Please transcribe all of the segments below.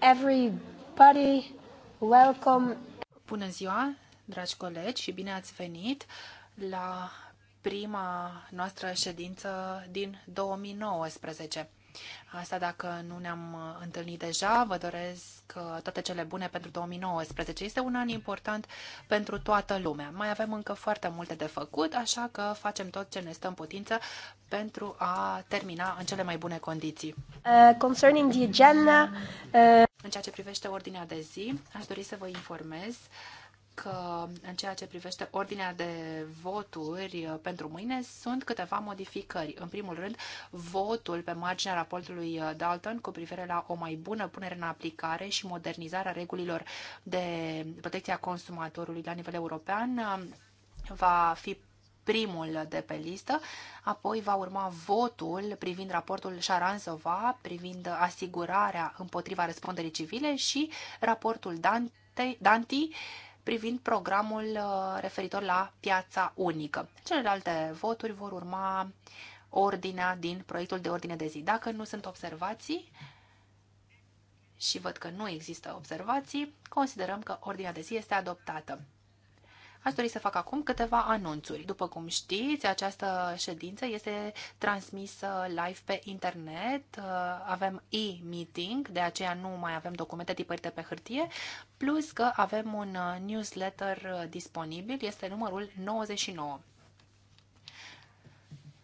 everybody. Welcome. Bună ziua, dragi colegi, și bine ați venit la prima noastră ședință din 2019. Asta dacă nu ne-am întâlnit deja, vă doresc uh, toate cele bune pentru 2019. Este un an important pentru toată lumea. Mai avem încă foarte multe de făcut, așa că facem tot ce ne stă în putință pentru a termina în cele mai bune condiții. Uh, concerning the agenda, uh... În ceea ce privește ordinea de zi, aș dori să vă informez că în ceea ce privește ordinea de voturi uh, pentru mâine sunt câteva modificări. În primul rând, votul pe marginea raportului uh, Dalton cu privire la o mai bună punere în aplicare și modernizarea regulilor de protecție a consumatorului la nivel european uh, va fi primul de pe listă, apoi va urma votul privind raportul Șaranzova, privind asigurarea împotriva răspunderii civile și raportul Dante, Danti privind programul uh, referitor la piața unică. Celelalte voturi vor urma ordinea din proiectul de ordine de zi. Dacă nu sunt observații, și văd că nu există observații, considerăm că ordinea de zi este adoptată. Aș dori să fac acum câteva anunțuri. După cum știți, această ședință este transmisă live pe internet. Uh, avem e-meeting, de aceea nu mai avem documente tipărite pe hârtie, plus că avem un uh, newsletter uh, disponibil, este numărul 99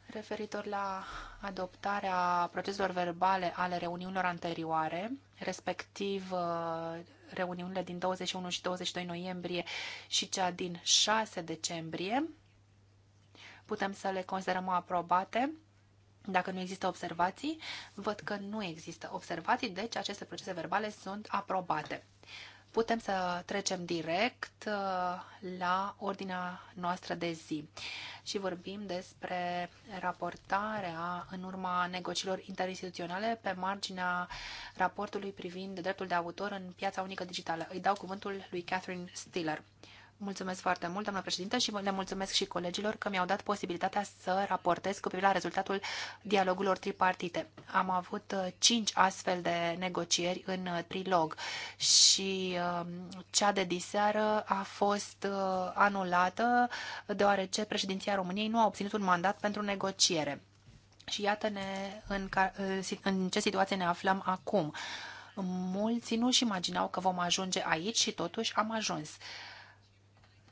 referitor la adoptarea proceselor verbale ale reuniunilor anterioare, respectiv reuniunile din 21 și 22 noiembrie și cea din 6 decembrie, putem să le considerăm aprobate. Dacă nu există observații, văd că nu există observații, deci aceste procese verbale sunt aprobate putem să trecem direct uh, la ordinea noastră de zi și vorbim despre raportarea în urma negocilor interinstituționale pe marginea raportului privind dreptul de autor în piața unică digitală. Îi dau cuvântul lui Catherine Stiller. Mulțumesc foarte mult, doamnă președinte, și le mulțumesc și colegilor că mi-au dat posibilitatea să raportez cu privire la rezultatul dialogurilor tripartite. Am avut uh, cinci astfel de negocieri în uh, trilog și um, cea de diseară a fost uh, anulată deoarece președinția României nu a obținut un mandat pentru negociere. Și iată-ne în, în ce situație ne aflăm acum. Mulți nu-și imaginau că vom ajunge aici și totuși am ajuns.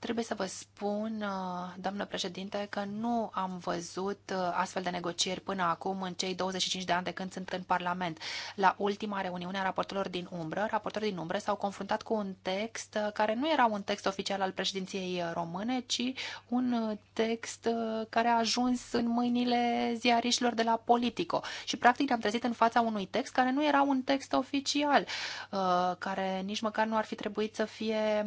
Trebuie să vă spun, uh, doamnă președinte, că nu am văzut uh, astfel de negocieri până acum în cei 25 de ani de când sunt în Parlament. La ultima reuniune a raportorilor din umbră, raportorii din umbră s-au confruntat cu un text uh, care nu era un text oficial al președinției române, ci un text care a ajuns în mâinile ziariștilor de la Politico. Și practic ne-am trezit în fața unui text care nu era un text oficial, care nici măcar nu ar fi trebuit să fie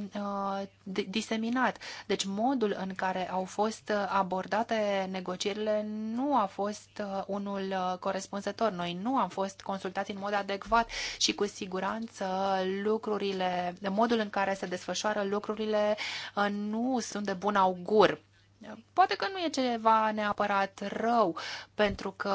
diseminat terminat. Deci modul în care au fost abordate negocierile nu a fost uh, unul uh, corespunzător. Noi nu am fost consultați în mod adecvat și cu siguranță lucrurile, modul în care se desfășoară lucrurile uh, nu sunt de bun augur Poate că nu e ceva neapărat rău, pentru că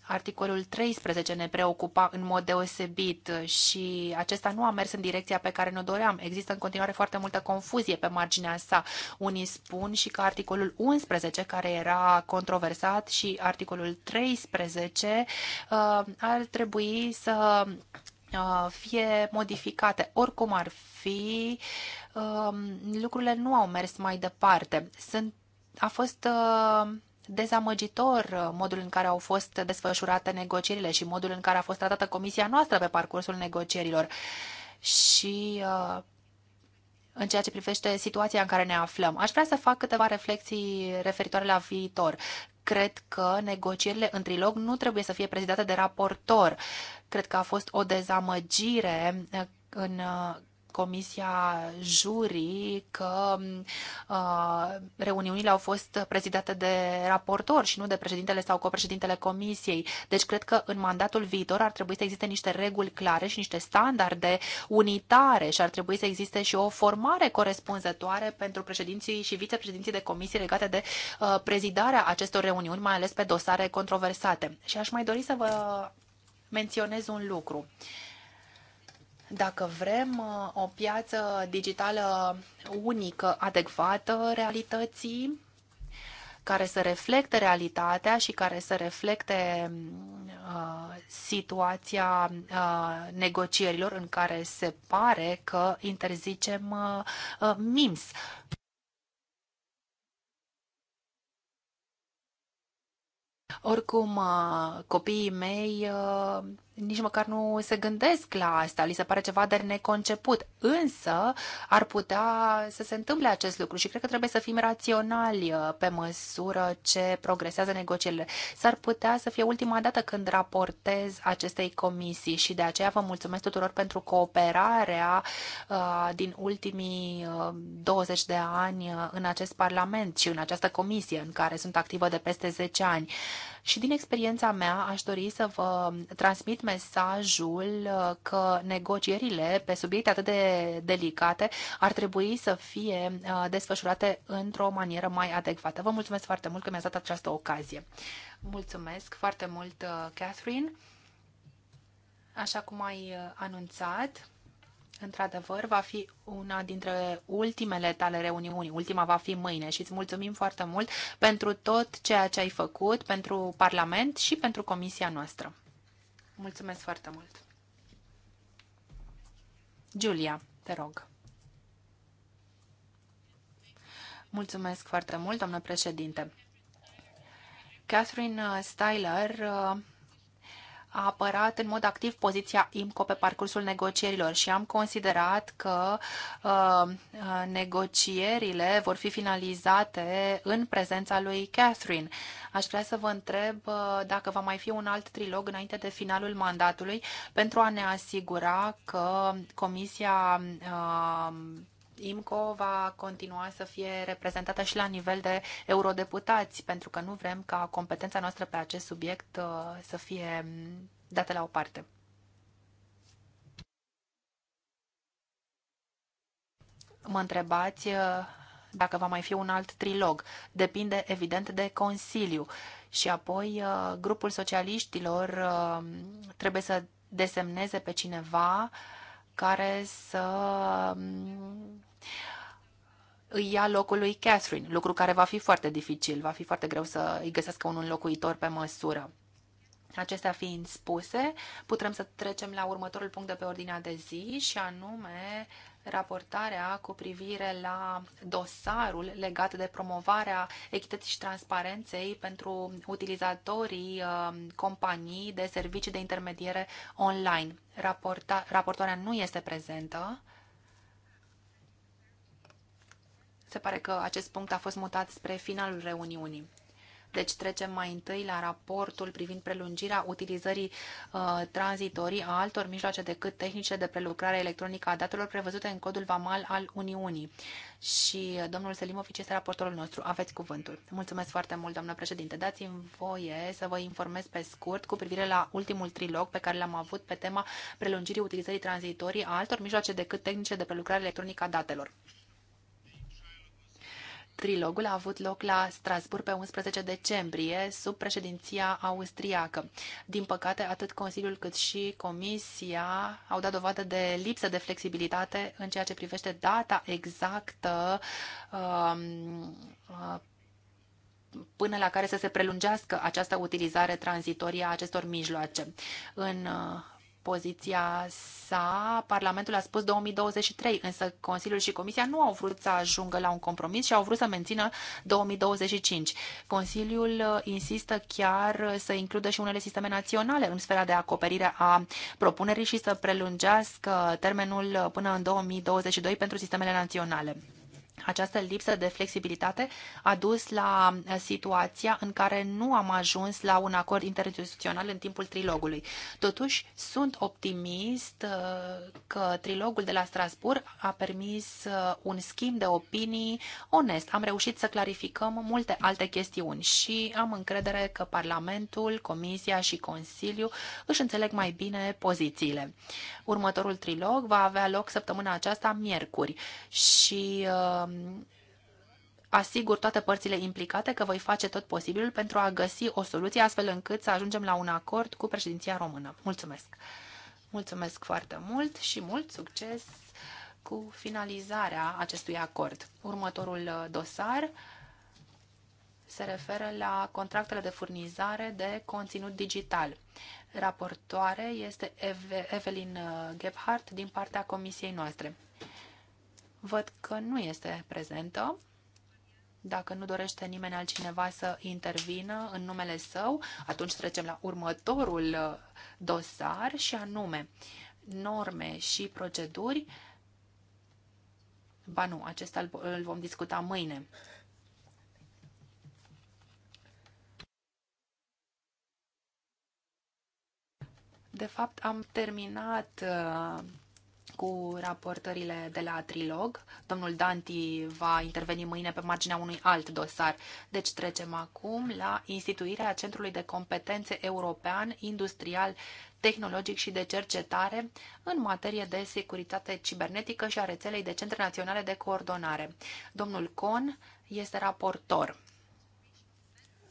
articolul 13 ne preocupa în mod deosebit și acesta nu a mers în direcția pe care ne doream. Există în continuare foarte multă confuzie pe marginea sa. Unii spun și că articolul 11, care era controversat, și articolul 13 uh, ar trebui să uh, fie modificate. Oricum ar fi, uh, lucrurile nu au mers mai departe. Sunt a fost uh, dezamăgitor uh, modul în care au fost desfășurate negocierile și modul în care a fost tratată comisia noastră pe parcursul negocierilor. Și uh, în ceea ce privește situația în care ne aflăm. Aș vrea să fac câteva reflexii referitoare la viitor. Cred că negocierile în trilog nu trebuie să fie prezidate de raportor. Cred că a fost o dezamăgire în Comisia Jurii că uh, reuniunile au fost prezidate de raportor și nu de președintele sau copreședintele Comisiei. Deci cred că în mandatul viitor ar trebui să existe niște reguli clare și niște standarde unitare și ar trebui să existe și o formare corespunzătoare pentru președinții și vicepreședinții de comisii legate de uh, prezidarea acestor reuniuni, mai ales pe dosare controversate. Și aș mai dori să vă menționez un lucru. Uh, dacă vrem uh, o piață digitală unică, adecvată realității, care să reflecte realitatea și care să reflecte uh, situația uh, negocierilor în care se pare că interzicem uh, uh MIMS. Oricum, uh, copiii mei nici măcar nu se gândesc la asta, li se pare ceva de neconceput, însă ar putea să se întâmple acest lucru și cred că trebuie să fim raționali uh, pe măsură ce progresează negocierile. S-ar putea să fie ultima dată când raportez acestei comisii și de aceea vă mulțumesc tuturor pentru cooperarea uh, din ultimii 20 uh, de ani în acest Parlament și în această comisie în care sunt activă de peste 10 ani. Și din experiența mea aș dori să vă transmit mesajul uh, că negocierile pe subiecte atât de delicate ar trebui să fie uh, desfășurate într-o manieră mai adecvată. Vă mulțumesc foarte mult că mi-ați dat această ocazie. Mulțumesc foarte mult, uh, Catherine. Așa cum ai anunțat, într-adevăr, va fi una dintre ultimele tale reuniuni. Ultima va fi mâine și îți mulțumim foarte mult pentru tot ceea ce ai făcut pentru Parlament și pentru Comisia noastră. Mulțumesc foarte mult. Julia, te rog. Mulțumesc foarte mult, doamnă președinte. Catherine Styler uh, a apărat în mod activ poziția IMCO pe parcursul negocierilor și am considerat că uh, uh negocierile vor fi finalizate în prezența lui Catherine. Aș vrea să vă întreb uh, dacă va mai fi un alt trilog înainte de finalul mandatului pentru a ne asigura că Comisia uh, IMCO va continua să fie reprezentată și la nivel de eurodeputați, pentru că nu vrem ca competența noastră pe acest subiect uh, să fie mm, dată la o parte. Mă întrebați uh, dacă va mai fi un alt trilog. Depinde, evident, de Consiliu. Și apoi, uh, grupul socialiștilor trebuie să desemneze pe cineva care să mm, îi ia locul lui Catherine, lucru care va fi foarte dificil, va fi foarte greu să îi găsească un înlocuitor pe măsură. Acestea fiind spuse, putem să trecem la următorul punct de pe ordinea de zi și anume raportarea cu privire la dosarul legat de promovarea echității și transparenței pentru utilizatorii uh, companii de servicii de intermediere online. Raporta, raportoarea nu este prezentă Se pare că acest punct a fost mutat spre finalul reuniunii. Deci trecem mai întâi la raportul privind prelungirea utilizării uh, tranzitorii a altor mijloace decât tehnice de prelucrare electronică a datelor prevăzute în codul VAMAL al Uniunii. Și uh, domnul Selimovic este raportorul nostru. Aveți cuvântul. Mulțumesc foarte mult, doamnă președinte. Dați-mi voie să vă informez pe scurt cu privire la ultimul trilog pe care l-am avut pe tema prelungirii utilizării tranzitorii a altor mijloace decât tehnice de prelucrare electronică a datelor. Trilogul a avut loc la Strasburg pe 11 decembrie, sub președinția austriacă. Din păcate, atât Consiliul cât și Comisia au dat dovadă de lipsă de flexibilitate în ceea ce privește data exactă um, uh, până la care să se prelungească această utilizare tranzitorie a acestor mijloace. În uh, poziția sa, Parlamentul a spus 2023, însă Consiliul și Comisia nu au vrut să ajungă la un compromis și au vrut să mențină 2025. Consiliul uh, insistă chiar să includă și unele sisteme naționale în sfera de acoperire a propunerii și să prelungească termenul uh, până în 2022 pentru sistemele naționale. Această lipsă de flexibilitate a dus la eh, situația în care nu am ajuns la un acord interinstituțional în timpul trilogului. Totuși, sunt optimist eh, că trilogul de la Strasbourg a permis eh, un schimb de opinii onest. Am reușit să clarificăm multe alte chestiuni și am încredere că Parlamentul, Comisia și Consiliu își înțeleg mai bine pozițiile. Următorul trilog va avea loc săptămâna aceasta, miercuri, și uh, asigur toate părțile implicate că voi face tot posibilul pentru a găsi o soluție astfel încât să ajungem la un acord cu președinția română. Mulțumesc! Mulțumesc foarte mult și mult succes cu finalizarea acestui acord. Următorul uh, dosar se referă la contractele de furnizare de conținut digital. Raportoare este Eve Evelyn uh, Gebhardt din partea comisiei noastre. Văd că nu este prezentă. Dacă nu dorește nimeni altcineva să intervină în numele său, atunci trecem la următorul uh, dosar și anume norme și proceduri. Ba nu, acesta îl vom discuta mâine. De fapt, am terminat uh, cu raportările de la Trilog. Domnul Danti va interveni mâine pe marginea unui alt dosar. Deci trecem acum la instituirea Centrului de Competențe European Industrial tehnologic și de cercetare în materie de securitate cibernetică și a rețelei de centre naționale de coordonare. Domnul Con este raportor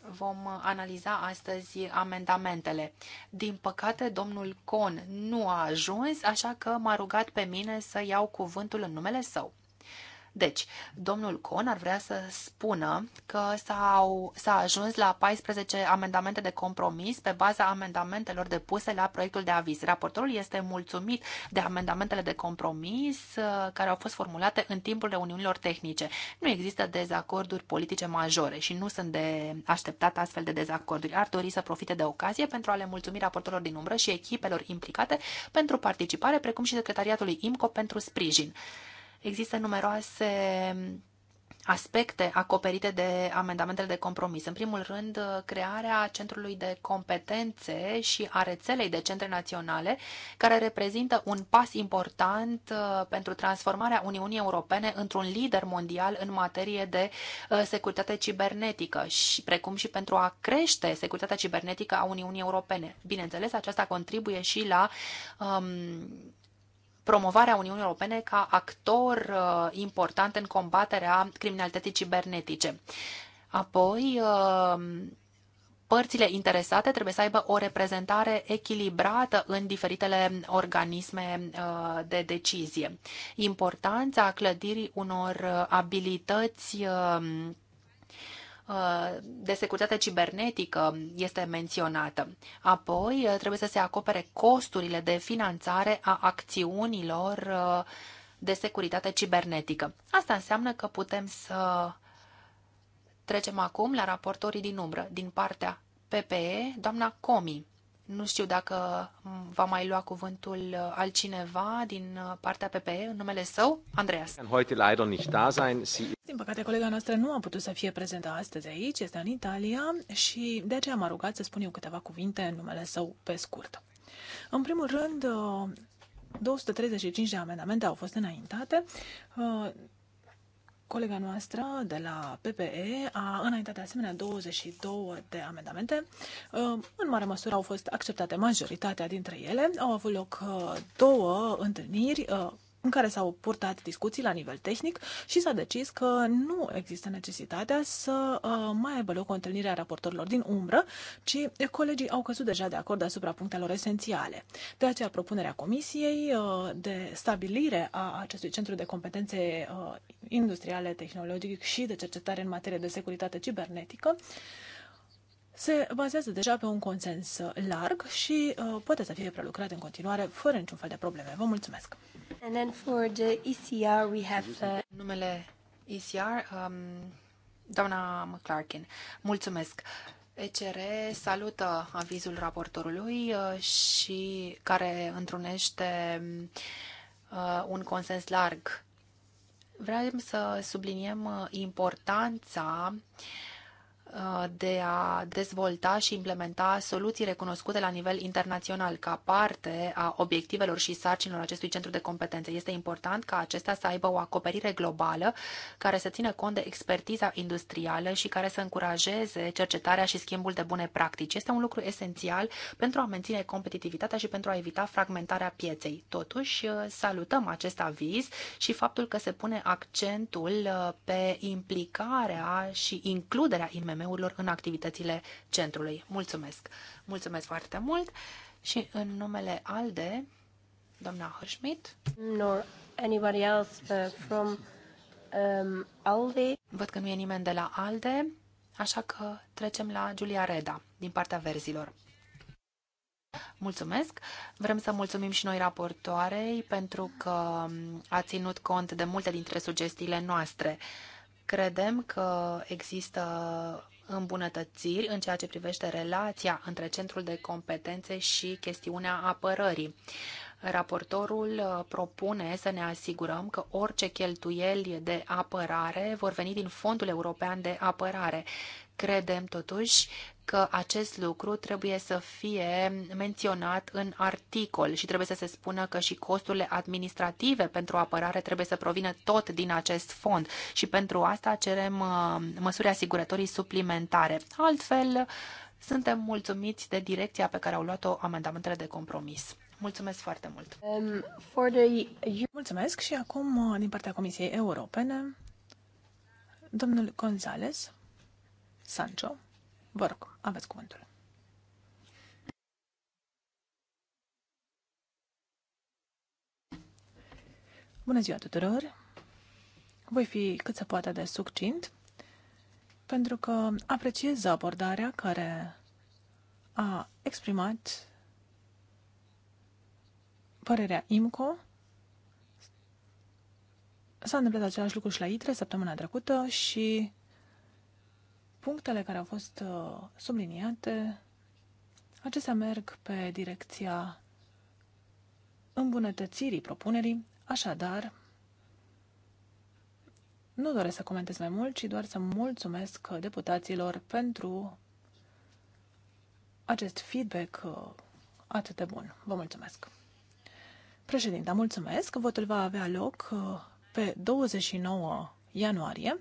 vom analiza astăzi amendamentele. Din păcate, domnul Con nu a ajuns, așa că m-a rugat pe mine să iau cuvântul în numele său. Deci, domnul Con ar vrea să spună că s-au, a ajuns la 14 amendamente de compromis pe baza amendamentelor depuse la proiectul de aviz. Raportorul este mulțumit de amendamentele de compromis uh, care au fost formulate în timpul reuniunilor tehnice. Nu există dezacorduri politice majore și nu sunt de așteptat astfel de dezacorduri. Ar dori să profite de ocazie pentru a le mulțumi raportorilor din umbră și echipelor implicate pentru participare, precum și secretariatului IMCO pentru sprijin. Există numeroase aspecte acoperite de amendamentele de compromis. În primul rând, crearea Centrului de Competențe și a rețelei de centre naționale, care reprezintă un pas important uh, pentru transformarea Uniunii Europene într-un lider mondial în materie de uh, securitate cibernetică, și precum și pentru a crește securitatea cibernetică a Uniunii Europene. Bineînțeles, aceasta contribuie și la um, promovarea Uniunii Europene ca actor uh, important în combaterea criminalității cibernetice. Apoi, uh, părțile interesate trebuie să aibă o reprezentare echilibrată în diferitele organisme uh, de decizie. Importanța clădirii unor abilități Uh, de securitate cibernetică este menționată. Apoi, uh, trebuie să se acopere costurile de finanțare a acțiunilor uh, de securitate cibernetică. Asta înseamnă că putem să trecem acum la raportorii din umbră, din partea PPE, doamna Comi. Nu știu dacă va mai lua cuvântul uh, altcineva din uh, partea PPE în numele său, Andreas. Da din păcate, colega noastră nu a putut să fie prezentă astăzi aici, este în Italia și de aceea m-a rugat să spun eu câteva cuvinte în numele său pe scurt. În primul rând, 235 uh, de amendamente au fost înaintate. Colega noastră de la PPE a înaintat de asemenea 22 de amendamente. În mare măsură au fost acceptate majoritatea dintre ele. Au avut loc uh, două întâlniri uh, în care s-au purtat discuții la nivel tehnic și s-a decis că nu există necesitatea să uh, mai aibă loc o întâlnire a raportorilor din umbră, ci colegii au căzut deja de acord asupra punctelor esențiale. De aceea, propunerea Comisiei uh, de stabilire a acestui centru de competențe uh, industriale, tehnologic și de cercetare în materie de securitate cibernetică se bazează deja pe un consens uh, larg și uh, poate să fie prelucrat în continuare fără niciun fel de probleme. Vă mulțumesc! And then for the ECR we have... Uh... Numele ECR, um, doamna McClarkin. Mulțumesc! ECR salută avizul raportorului uh, și care întrunește uh, un consens larg. Vrem să subliniem importanța uh, Uh, de a dezvolta și implementa soluții recunoscute la nivel internațional ca parte a obiectivelor și sarcinilor acestui centru de competențe. Este important ca acesta să aibă o acoperire globală care să țină cont de expertiza industrială și care să încurajeze cercetarea și schimbul de bune practici. Este un lucru esențial pentru a menține competitivitatea și pentru a evita fragmentarea pieței. Totuși, uh, salutăm acest aviz și faptul că se pune accentul uh, pe implicarea și includerea IMM IMM-urilor în activitățile centrului. Mulțumesc! Mulțumesc foarte mult și în numele ALDE, doamna Hârșmit, Nor anybody else uh, from um, ALDE. Văd că nu e nimeni de la ALDE, așa că trecem la Giulia Reda, din partea verzilor. Mulțumesc! Vrem să mulțumim și noi raportoarei pentru că um, a ținut cont de multe dintre sugestiile noastre. Credem că există îmbunătățiri în ceea ce privește relația între centrul de competențe și chestiunea apărării. Raportorul uh, propune să ne asigurăm că orice cheltuieli de apărare vor veni din Fondul European de Apărare Credem totuși că acest lucru trebuie să fie menționat în articol și trebuie să se spună că și costurile administrative pentru apărare trebuie să provină tot din acest fond și pentru asta cerem uh, măsuri asigurătorii suplimentare. Altfel, suntem mulțumiți de direcția pe care au luat-o amendamentele de compromis. Mulțumesc foarte mult! Um, for the... Mulțumesc și acum uh, din partea Comisiei Europene, domnul González. Sancho. Vă rog, aveți cuvântul. Bună ziua tuturor! Voi fi cât se poate de succint, pentru că apreciez abordarea care a exprimat părerea IMCO. S-a întâmplat același lucru și la ITRE săptămâna trecută și punctele care au fost uh, subliniate, acestea merg pe direcția îmbunătățirii propunerii, așadar, nu doresc să comentez mai mult, ci doar să mulțumesc deputaților pentru acest feedback uh, atât de bun. Vă mulțumesc! Președinta, mulțumesc! Votul va avea loc uh, pe 29 ianuarie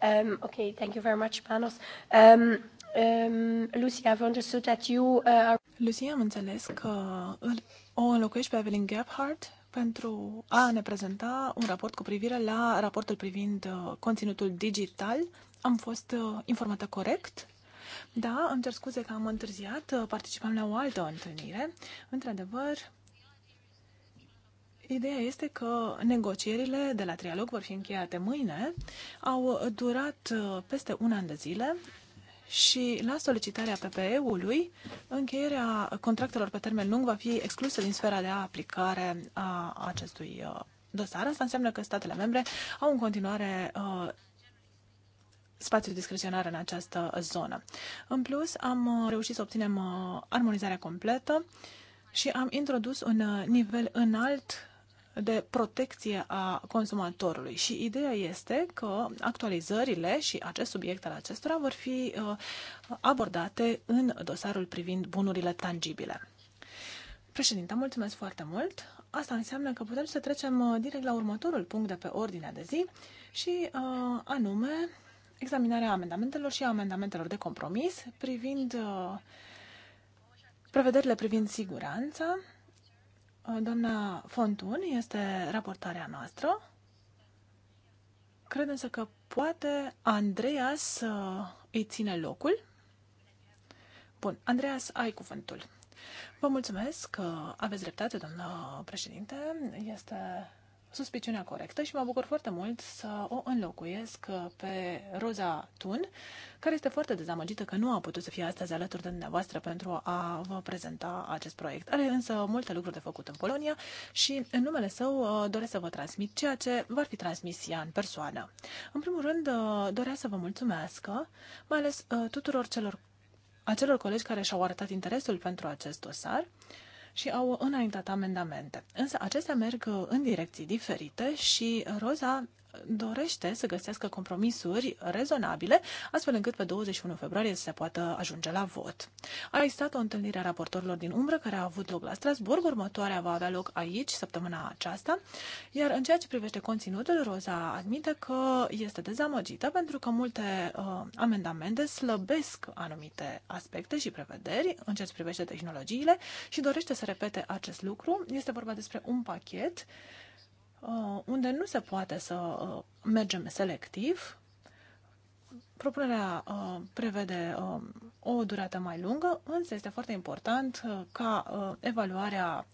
Um, okay, thank you very much, Panos. Um, um, Lucy, I've understood that you uh, are... Lucy, am înțeles că o înlocuiești pe Evelyn Gephardt pentru a ne prezenta un raport cu privire la raportul privind uh, conținutul digital. Am fost uh, informată corect? Da, îmi cer scuze că am întârziat, uh, participam la o altă întâlnire. Într-adevăr, Ideea este că negocierile de la trialog vor fi încheiate mâine. Au durat uh, peste un an de zile și la solicitarea PPE-ului, încheierea contractelor pe termen lung va fi exclusă din sfera de aplicare a acestui uh, dosar. Asta înseamnă că statele membre au în continuare uh, spațiu discreționar în această zonă. În plus, am reușit să obținem armonizarea completă și am introdus un nivel înalt de protecție a consumatorului și ideea este că actualizările și acest subiect al acestora vor fi uh, abordate în dosarul privind bunurile tangibile. Președinte, mulțumesc foarte mult. Asta înseamnă că putem să trecem uh, direct la următorul punct de pe ordinea de zi și uh, anume examinarea amendamentelor și amendamentelor de compromis privind uh, prevederile privind siguranța Doamna Fontun este raportarea noastră. Cred însă că poate Andreea să uh, îi ține locul. Bun, Andreas, ai cuvântul. Vă mulțumesc că aveți dreptate, doamnă președinte. Este suspiciunea corectă și mă bucur foarte mult să o înlocuiesc pe Roza Tun, care este foarte dezamăgită că nu a putut să fie astăzi alături de dumneavoastră pentru a vă prezenta acest proiect. Are însă multe lucruri de făcut în Polonia și în numele său uh, doresc să vă transmit ceea ce v-ar fi transmis ea în persoană. În primul rând, uh, dorea să vă mulțumesc, mai ales uh, tuturor celor acelor colegi care și-au arătat interesul pentru acest dosar, și au înaintat amendamente. Însă acestea merg în direcții diferite și Roza dorește să găsească compromisuri rezonabile, astfel încât pe 21 februarie să se poată ajunge la vot. A existat o întâlnire a raportorilor din umbră care a avut loc la Strasburg, următoarea va avea loc aici săptămâna aceasta, iar în ceea ce privește conținutul, Roza admite că este dezamăgită pentru că multe uh, amendamente slăbesc anumite aspecte și prevederi în ceea ce privește tehnologiile și dorește să repete acest lucru. Este vorba despre un pachet uh, Uh, unde nu se poate să uh, mergem selectiv. Propunerea uh, prevede um, o durată mai lungă, însă este foarte important ca evaluarea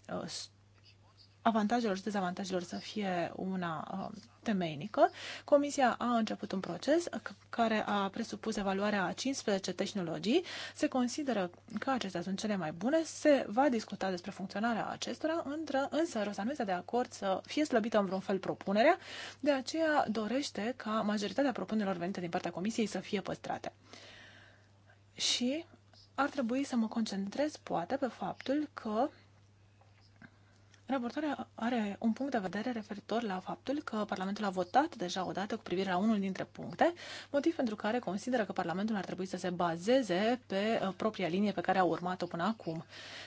avantajelor și dezavantajelor să fie una um, temeinică. Comisia a început un proces care a presupus evaluarea a 15 tehnologii. Se consideră că acestea sunt cele mai bune. Se va discuta despre funcționarea acestora, însă Rosa nu este de acord să fie slăbită în vreun fel propunerea, de aceea dorește ca majoritatea propunerilor venite din partea Comisiei să fie păstrate. Și ar trebui să mă concentrez poate pe faptul că Raportarea are un punct de vedere referitor la faptul că Parlamentul a votat deja o dată cu privire la unul dintre puncte, motiv pentru care consideră că Parlamentul ar trebui să se bazeze pe uh, propria linie pe care a urmat-o până acum.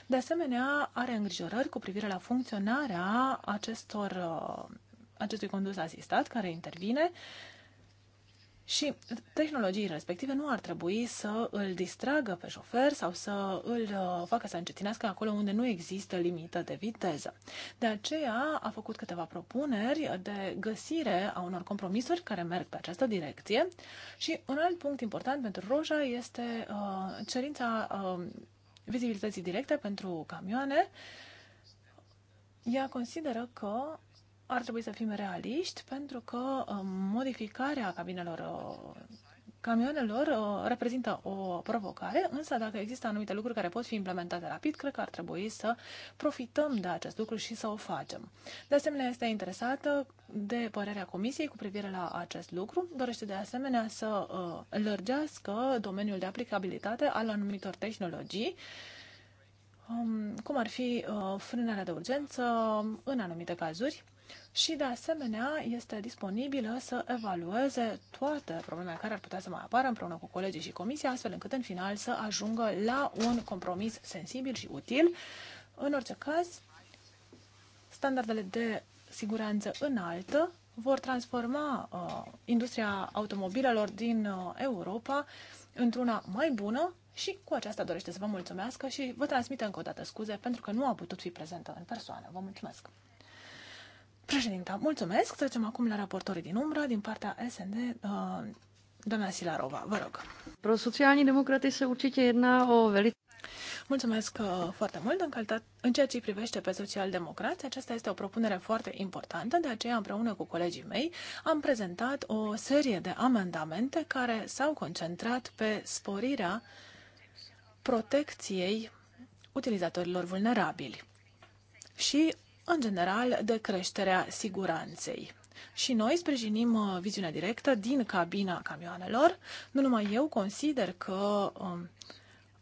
De asemenea, are îngrijorări cu privire la funcționarea acestor, uh, acestui condus asistat care intervine și tehnologiile respective nu ar trebui să îl distragă pe șofer sau să îl uh, facă să încetinească acolo unde nu există limită de viteză. De aceea a făcut câteva propuneri de găsire a unor compromisuri care merg pe această direcție. Și un alt punct important pentru Roja este uh, cerința um, vizibilității directe pentru camioane. Ea consideră că ar trebui să fim realiști pentru că um, modificarea cabinelor uh, camionelor uh, reprezintă o provocare, însă dacă există anumite lucruri care pot fi implementate rapid, cred că ar trebui să profităm de acest lucru și să o facem. De asemenea, este interesată de părerea Comisiei cu privire la acest lucru. Dorește de asemenea să uh, lărgească domeniul de aplicabilitate al anumitor tehnologii, um, cum ar fi frânarea de urgență um, în anumite cazuri, și, de asemenea, este disponibilă să evalueze toate problemele care ar putea să mai apară împreună cu colegii și comisia, astfel încât, în final, să ajungă la un compromis sensibil și util. În orice caz, standardele de siguranță înaltă vor transforma uh, industria automobilelor din uh, Europa într-una mai bună și cu aceasta dorește să vă mulțumesc și vă transmit încă o dată scuze pentru că nu a putut fi prezentă în persoană. Vă mulțumesc! Președinta, mulțumesc. Trecem acum la raportorii din umbră, din partea SND, uh, doamna Silarova, vă rog. Pro sociální demokraty se určitě jedná o velice Mulțumesc uh, foarte mult. În, calitate, în ceea ce privește pe democrați, aceasta este o propunere foarte importantă, de aceea împreună cu colegii mei am prezentat o serie de amendamente care s-au concentrat pe sporirea protecției utilizatorilor vulnerabili și în general, de creșterea siguranței. Și noi sprijinim uh, viziunea directă din cabina camioanelor. Nu numai eu consider că um,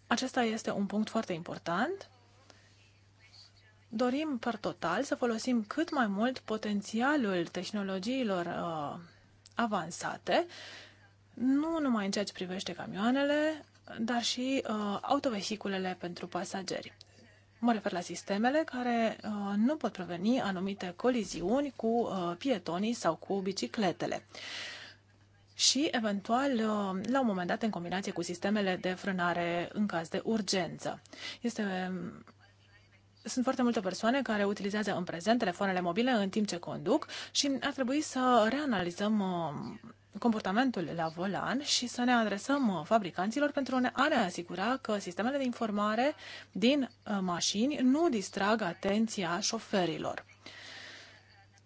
acesta este un punct foarte important. Dorim, per total, să folosim cât mai mult potențialul tehnologiilor uh, avansate, nu numai în ceea ce privește camioanele, dar și uh, autovehiculele pentru pasageri. Mă refer la sistemele care uh, nu pot preveni anumite coliziuni cu uh, pietonii sau cu bicicletele. Și, eventual, uh, la un moment dat, în combinație cu sistemele de frânare în caz de urgență. Este sunt foarte multe persoane care utilizează în prezent telefoanele mobile în timp ce conduc și ar trebui să reanalizăm comportamentul la volan și să ne adresăm uh, fabricanților pentru a ne asigura că sistemele de informare din uh, mașini nu distrag atenția șoferilor.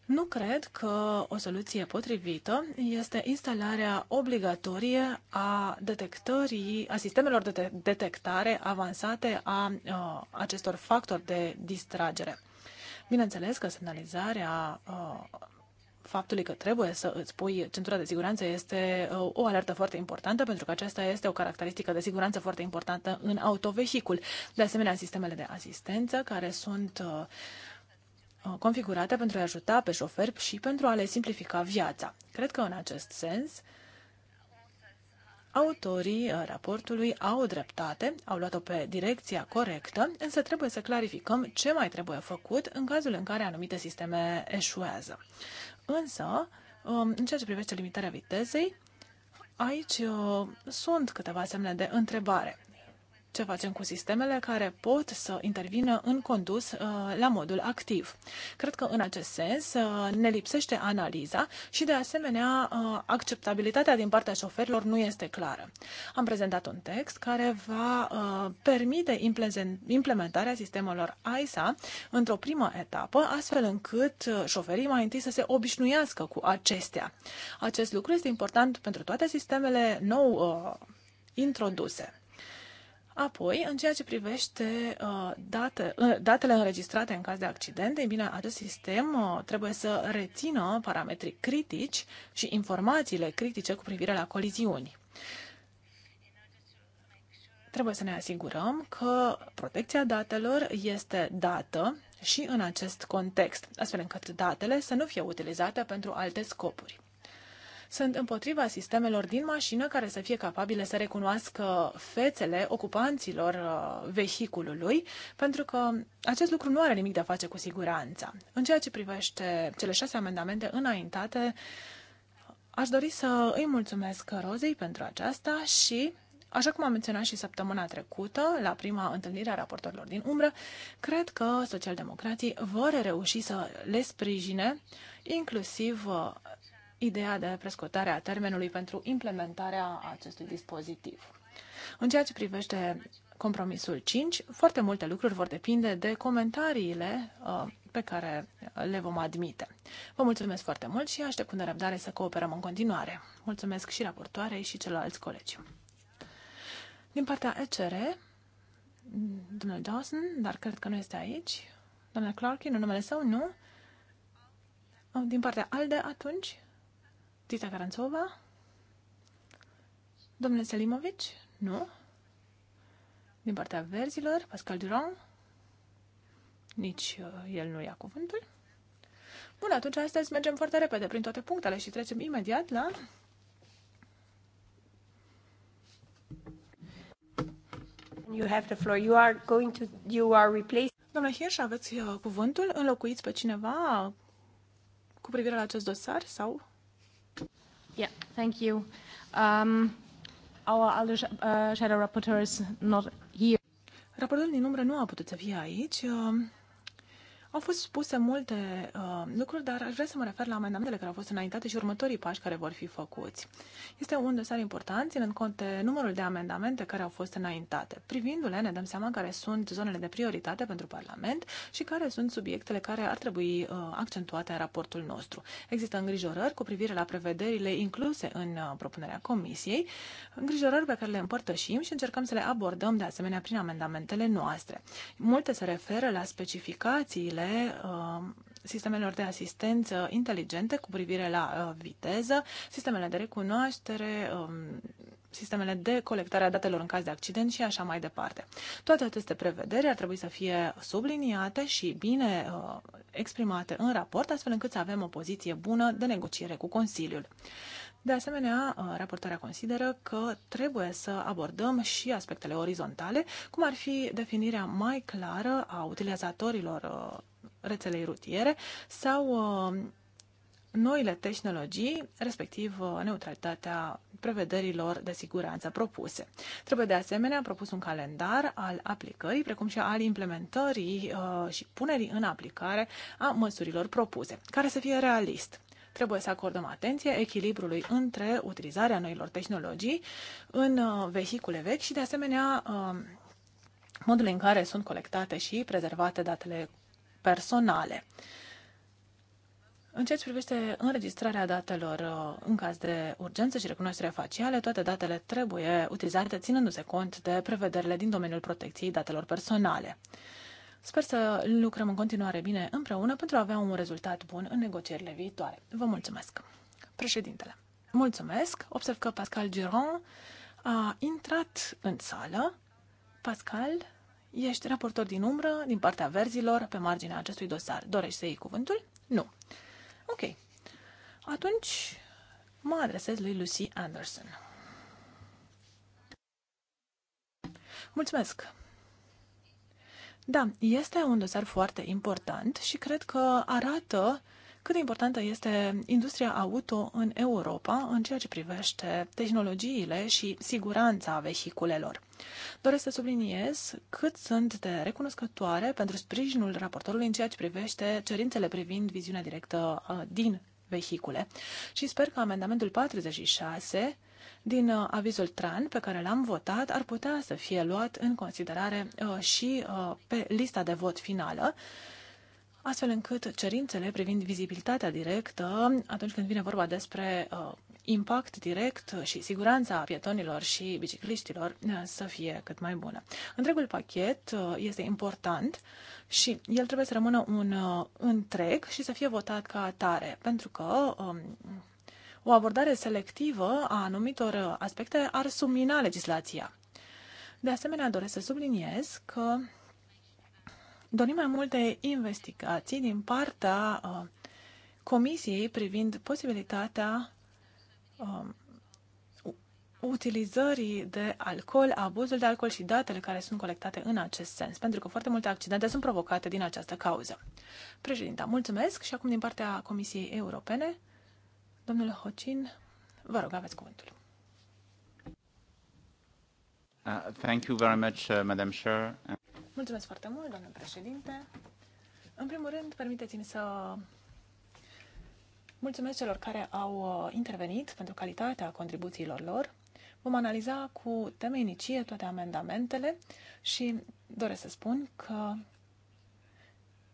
Nu cred că o soluție potrivită este instalarea obligatorie a detectării, a sistemelor de detectare avansate a, a uh, acestor factori de distragere. Bineînțeles că semnalizarea a, faptului că trebuie să îți pui centura de siguranță este uh, o alertă foarte importantă, pentru că aceasta este o caracteristică de siguranță foarte importantă în autovehicul. De asemenea, sistemele de asistență care sunt uh, uh, configurate pentru a ajuta pe șoferi și pentru a le simplifica viața. Cred că în acest sens, Autorii uh, raportului au dreptate, au luat-o pe direcția corectă, însă trebuie să clarificăm ce mai trebuie făcut în cazul în care anumite sisteme eșuează. Însă, um, în ceea ce privește limitarea vitezei, aici uh, sunt câteva semne de întrebare ce facem cu sistemele care pot să intervină în condus uh, la modul activ. Cred că în acest sens uh, ne lipsește analiza și de asemenea uh, acceptabilitatea din partea șoferilor nu este clară. Am prezentat un text care va permite implementarea sistemelor AISA într-o primă etapă, astfel încât șoferii mai întâi să se obișnuiască cu acestea. Acest lucru este important pentru toate sistemele nou introduse. Apoi, în ceea ce privește uh, date, uh, datele înregistrate în caz de accidente, bine, acest sistem uh, trebuie să rețină parametrii critici și informațiile critice cu privire la coliziuni. Trebuie să ne asigurăm că protecția datelor este dată și în acest context, astfel încât datele să nu fie utilizate pentru alte scopuri. Sunt împotriva sistemelor din mașină care să fie capabile să recunoască fețele ocupanților uh, vehiculului, pentru că acest lucru nu are nimic de a face cu siguranța. În ceea ce privește cele șase amendamente înaintate, aș dori să îi mulțumesc Rozei pentru aceasta și Așa cum am menționat și săptămâna trecută, la prima întâlnire a raportorilor din umbră, cred că socialdemocrații vor reuși să le sprijine, inclusiv uh, ideea de prescotare a termenului pentru implementarea acestui dispozitiv. În ceea ce privește compromisul 5, foarte multe lucruri vor depinde de comentariile uh, pe care le vom admite. Vă mulțumesc foarte mult și aștept cu nerăbdare să cooperăm în continuare. Mulțumesc și raportoarei și celorlalți colegi. Din partea ECR, domnul Dawson, dar cred că nu este aici. Doamna Clarkin, în numele său, nu? Din partea ALDE, atunci? Tita Caranțova? Domnule Selimovici? Nu? Din partea verzilor, Pascal Durand? Nici uh, el nu ia cuvântul. Bun, atunci astăzi mergem foarte repede prin toate punctele și trecem imediat la... You have the floor. You are going to... You are replaced... Domnule Hirsch, aveți uh, cuvântul? Înlocuiți pe cineva cu privire la acest dosar sau Yeah, thank you. Um, our other uh, shadow rapporteur is not here. Raportul din umbră nu a putut să fie aici. Uh, au fost spuse multe uh, lucruri, dar aș vrea să mă refer la amendamentele care au fost înaintate și următorii pași care vor fi făcuți. Este un dosar important, ținând cont de numărul de amendamente care au fost înaintate. Privindu-le, ne dăm seama care sunt zonele de prioritate pentru Parlament și care sunt subiectele care ar trebui uh, accentuate în raportul nostru. Există îngrijorări cu privire la prevederile incluse în uh, propunerea Comisiei, îngrijorări pe care le împărtășim și încercăm să le abordăm de asemenea prin amendamentele noastre. Multe se referă la specificațiile sistemele, uh, sistemelor de asistență inteligente cu privire la uh, viteză, sistemele de recunoaștere, um, sistemele de colectare a datelor în caz de accident și așa mai departe. Toate aceste prevederi ar trebui să fie subliniate și bine uh, exprimate în raport, astfel încât să avem o poziție bună de negociere cu Consiliul. De asemenea, raportarea consideră că trebuie să abordăm și aspectele orizontale, cum ar fi definirea mai clară a utilizatorilor rețelei rutiere sau uh, noile tehnologii, respectiv uh, neutralitatea prevederilor de siguranță propuse. Trebuie de asemenea propus un calendar al aplicării, precum și al implementării uh, și punerii în aplicare a măsurilor propuse, care să fie realist trebuie să acordăm atenție echilibrului între utilizarea noilor tehnologii în vehicule vechi și, de asemenea, modul în care sunt colectate și prezervate datele personale. În ceea ce privește înregistrarea datelor uh, în caz de urgență și recunoașterea facială, toate datele trebuie utilizate ținându-se cont de prevederile din domeniul protecției datelor personale. Sper să lucrăm în continuare bine împreună pentru a avea un rezultat bun în negocierile viitoare. Vă mulțumesc! Președintele, mulțumesc! Observ că Pascal Giron a intrat în sală. Pascal, Ești raportor din umbră, din partea verzilor, pe marginea acestui dosar. Dorești să iei cuvântul? Nu. Ok. Atunci mă adresez lui Lucy Anderson. Mulțumesc! Da, este un dosar foarte important și cred că arată uh, cât de importantă este industria auto în Europa în ceea ce privește tehnologiile și siguranța vehiculelor. Doresc să subliniez cât sunt de recunoscătoare pentru sprijinul raportorului în ceea ce privește cerințele privind viziunea directă uh, din vehicule și sper că amendamentul 46 din uh, avizul TRAN pe care l-am votat ar putea să fie luat în considerare uh, și pe lista de vot finală astfel încât cerințele privind vizibilitatea directă, atunci când vine vorba despre uh, impact direct și siguranța pietonilor și bicicliștilor, uh, să fie cât mai bună. Întregul pachet uh, este important și el trebuie să rămână un uh, întreg și să fie votat ca atare, pentru că um, o abordare selectivă a anumitor uh, aspecte ar submina legislația. De asemenea, doresc să subliniez că Dorim mai multe investigații din partea uh, Comisiei privind posibilitatea uh, utilizării de alcool, abuzul de alcool și datele care sunt colectate în acest sens, pentru că foarte multe accidente sunt provocate din această cauză. Președinta, mulțumesc și acum din partea Comisiei Europene, domnul Hocin, vă rog, aveți cuvântul. Uh, thank you very much, uh, Madam Chair. Mulțumesc foarte mult, doamnă președinte. În primul rând, permiteți-mi să mulțumesc celor care au uh, intervenit pentru calitatea contribuțiilor lor. Vom analiza cu temeinicie toate amendamentele și doresc să spun că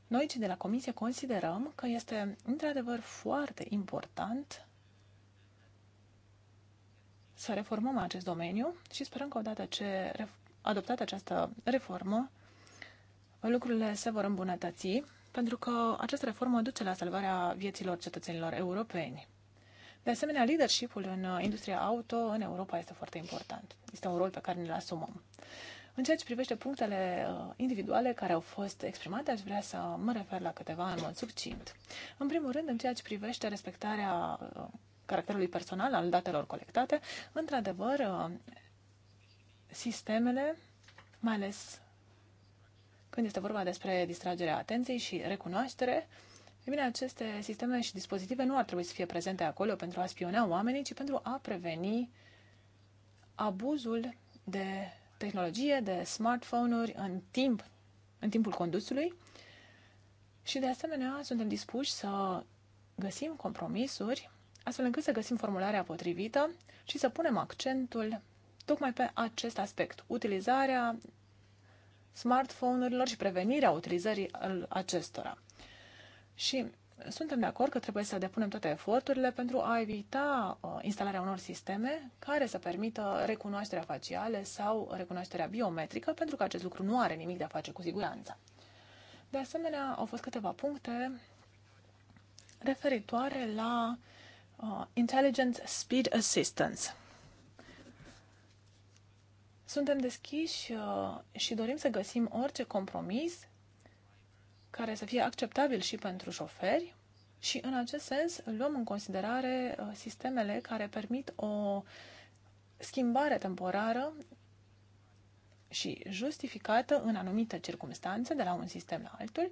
noi, cei de la Comisie, considerăm că este într-adevăr foarte important să reformăm acest domeniu și sperăm că odată ce adoptată această reformă, lucrurile se vor îmbunătăți pentru că această reformă duce la salvarea vieților cetățenilor europeni. De asemenea, leadershipul în industria auto în Europa este foarte important. Este un rol pe care ne-l asumăm. În ceea ce privește punctele uh, individuale care au fost exprimate, aș vrea să mă refer la câteva în mod succint. În primul rând, în ceea ce privește respectarea uh, caracterului personal al datelor colectate, într-adevăr, uh, sistemele, mai ales când este vorba despre distragerea atenției și recunoaștere, e bine, aceste sisteme și dispozitive nu ar trebui să fie prezente acolo pentru a spiona oamenii, ci pentru a preveni abuzul de tehnologie, de smartphone-uri în timp, în timpul condusului. Și de asemenea, suntem dispuși să găsim compromisuri astfel încât să găsim formularea potrivită și să punem accentul tocmai pe acest aspect, utilizarea smartphone-urilor și prevenirea utilizării acestora. Și suntem de acord că trebuie să depunem toate eforturile pentru a evita uh, instalarea unor sisteme care să permită recunoașterea facială sau recunoașterea biometrică, pentru că acest lucru nu are nimic de a face cu siguranța. De asemenea, au fost câteva puncte referitoare la uh, Intelligent Speed Assistance. Suntem deschiși uh, și dorim să găsim orice compromis care să fie acceptabil și pentru șoferi și în acest sens luăm în considerare uh, sistemele care permit o schimbare temporară și justificată în anumite circunstanțe de la un sistem la altul.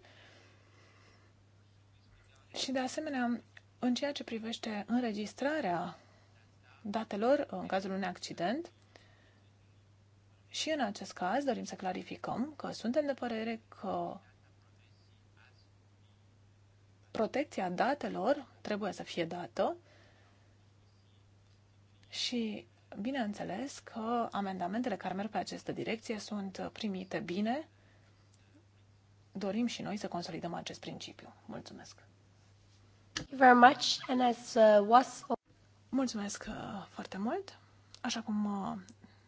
Și de asemenea, în ceea ce privește înregistrarea datelor uh, în cazul unui accident, și în acest caz dorim să clarificăm că suntem de părere că protecția datelor trebuie să fie dată și bineînțeles că amendamentele care merg pe această direcție sunt primite bine. Dorim și noi să consolidăm acest principiu. Mulțumesc! Uh, Mulțumesc uh, foarte mult! Așa cum uh,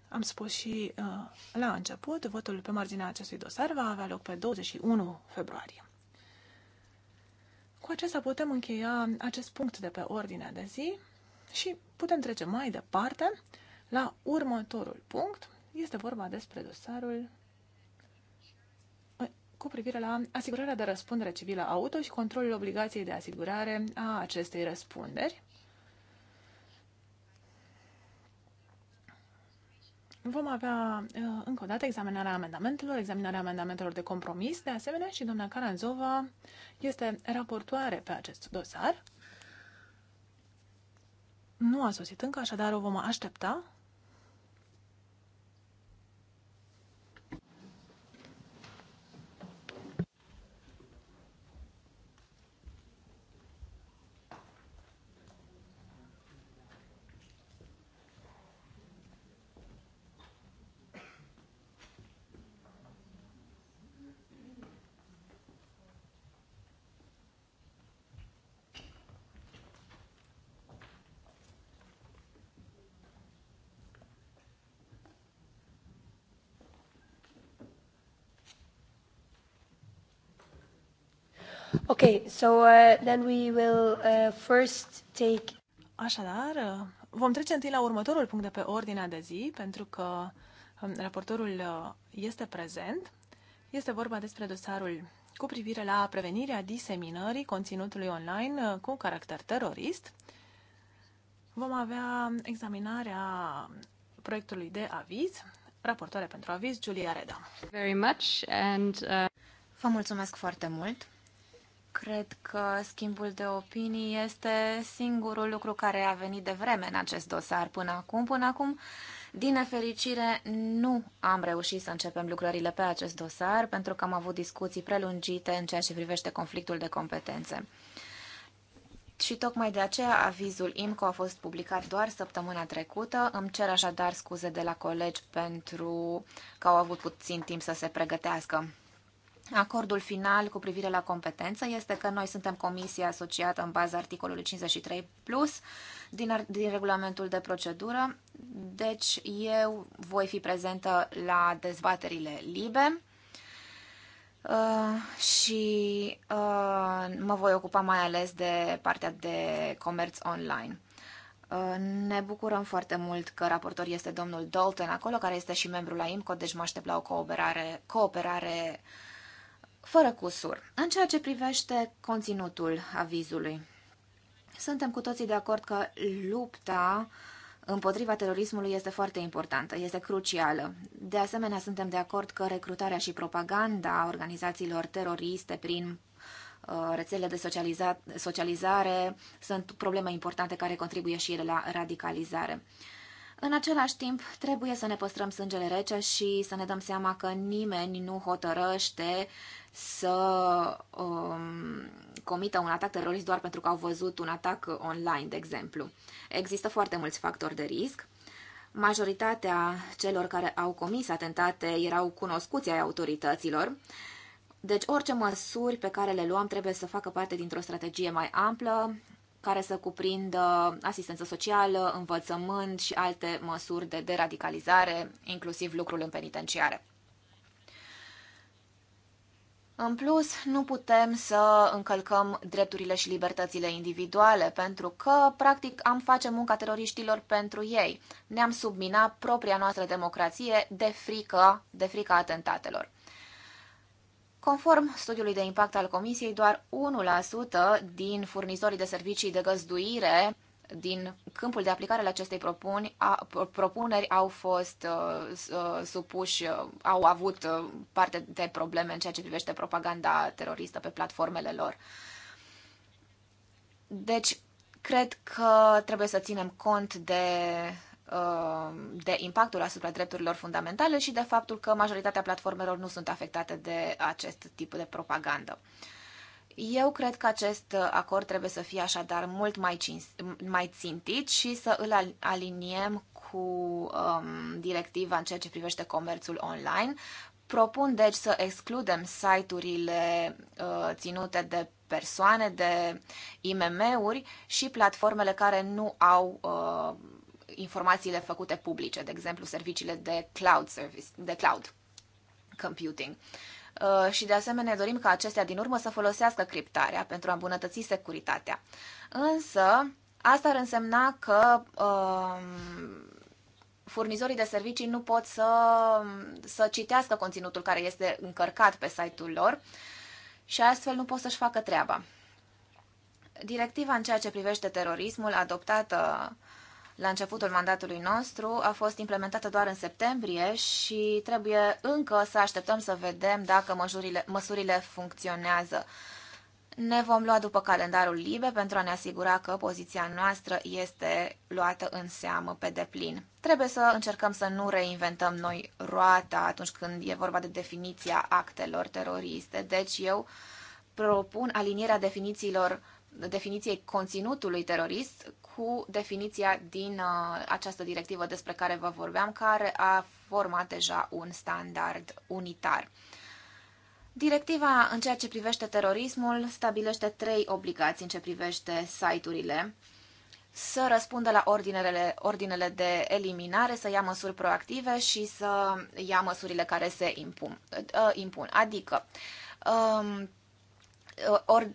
am spus și uh, la început, votul pe marginea acestui dosar va avea loc pe 21 februarie. Cu acesta putem încheia acest punct de pe ordinea de zi și putem trece mai departe la următorul punct. Este vorba despre dosarul uh, cu privire la asigurarea de răspundere civilă auto și controlul obligației de asigurare a acestei răspunderi. Vom avea uh, încă o dată examinarea amendamentelor, examinarea amendamentelor de compromis, de asemenea și doamna Caranzova este raportoare pe acest dosar. Nu a sosit încă, așadar o vom aștepta Okay, so uh, then we will uh, first take... Așadar, uh, vom trece întâi la următorul punct de pe ordinea de zi, pentru că um, raportorul uh, este prezent. Este vorba despre dosarul cu privire la prevenirea diseminării conținutului online uh, cu caracter terorist. Vom avea examinarea proiectului de aviz. Raportoare pentru aviz, Julia Reda. Very much and, uh... Vă mulțumesc foarte mult. Cred că schimbul de opinii este singurul lucru care a venit de vreme în acest dosar până acum. Până acum, din nefericire, nu am reușit să începem lucrările pe acest dosar pentru că am avut discuții prelungite în ceea ce privește conflictul de competențe. Și tocmai de aceea avizul IMCO a fost publicat doar săptămâna trecută. Îmi cer așadar scuze de la colegi pentru că au avut puțin timp să se pregătească. Acordul final cu privire la competență este că noi suntem comisia asociată în baza articolului 53 plus din, din regulamentul de procedură, deci eu voi fi prezentă la dezbaterile libe uh, și uh, mă voi ocupa mai ales de partea de comerț online. Uh, ne bucurăm foarte mult că raportor este domnul Dalton acolo, care este și membru la IMCO, deci mă aștept la o cooperare, cooperare uh, fără cusur. În ceea ce privește conținutul avizului, suntem cu toții de acord că lupta împotriva terorismului este foarte importantă, este crucială. De asemenea, suntem de acord că recrutarea și propaganda organizațiilor teroriste prin uh, rețele de socializare sunt probleme importante care contribuie și ele la radicalizare. În același timp, trebuie să ne păstrăm sângele rece și să ne dăm seama că nimeni nu hotărăște să um, comită un atac terorist doar pentru că au văzut un atac online, de exemplu. Există foarte mulți factori de risc. Majoritatea celor care au comis atentate erau cunoscuți ai autorităților, deci orice măsuri pe care le luăm trebuie să facă parte dintr-o strategie mai amplă, care să cuprindă asistență socială, învățământ și alte măsuri de deradicalizare, inclusiv lucrul în penitenciare. În plus, nu putem să încălcăm drepturile și libertățile individuale, pentru că, practic, am face munca teroriștilor pentru ei. Ne-am submina propria noastră democrație de frică, de frica atentatelor. Conform studiului de impact al Comisiei, doar 1% din furnizorii de servicii de găzduire din câmpul de aplicare al acestei propuni, a, propuneri au fost uh, uh, supuși, uh, au avut uh, parte de probleme în ceea ce privește propaganda teroristă pe platformele lor. Deci, cred că trebuie să ținem cont de, uh, de impactul asupra drepturilor fundamentale și de faptul că majoritatea platformelor nu sunt afectate de acest tip de propagandă. Uh, eu cred că acest acord trebuie să fie așadar mult mai, cins- mai țintit și să îl aliniem cu um, directiva în ceea ce privește comerțul online. Propun deci să excludem site-urile uh, ținute de persoane, de IMM-uri și platformele care nu au uh, informațiile făcute publice, de exemplu serviciile de cloud service, de cloud computing. Uh, Uh, și de asemenea dorim ca acestea din urmă să folosească criptarea pentru a îmbunătăți securitatea. Însă, asta ar însemna că um, furnizorii de servicii nu pot să, să citească conținutul care este încărcat pe site-ul lor și astfel nu pot să-și facă treaba. Directiva în ceea ce privește terorismul adoptată la începutul mandatului nostru, a fost implementată doar în septembrie și trebuie încă să așteptăm să vedem dacă măsurile, măsurile funcționează. Ne vom lua după calendarul liber pentru a ne asigura că poziția noastră este luată în seamă pe deplin. Trebuie să încercăm să nu reinventăm noi roata atunci când e vorba de definiția actelor teroriste. Deci eu propun alinierea definițiilor definiției conținutului terorist cu definiția din uh, această directivă despre care vă vorbeam, care a format deja un standard unitar. Directiva în ceea ce privește terorismul stabilește trei obligații în ce privește site-urile să răspundă la ordinele, ordinele de eliminare, să ia măsuri proactive și să ia măsurile care se impun. Uh, impun. Adică, um,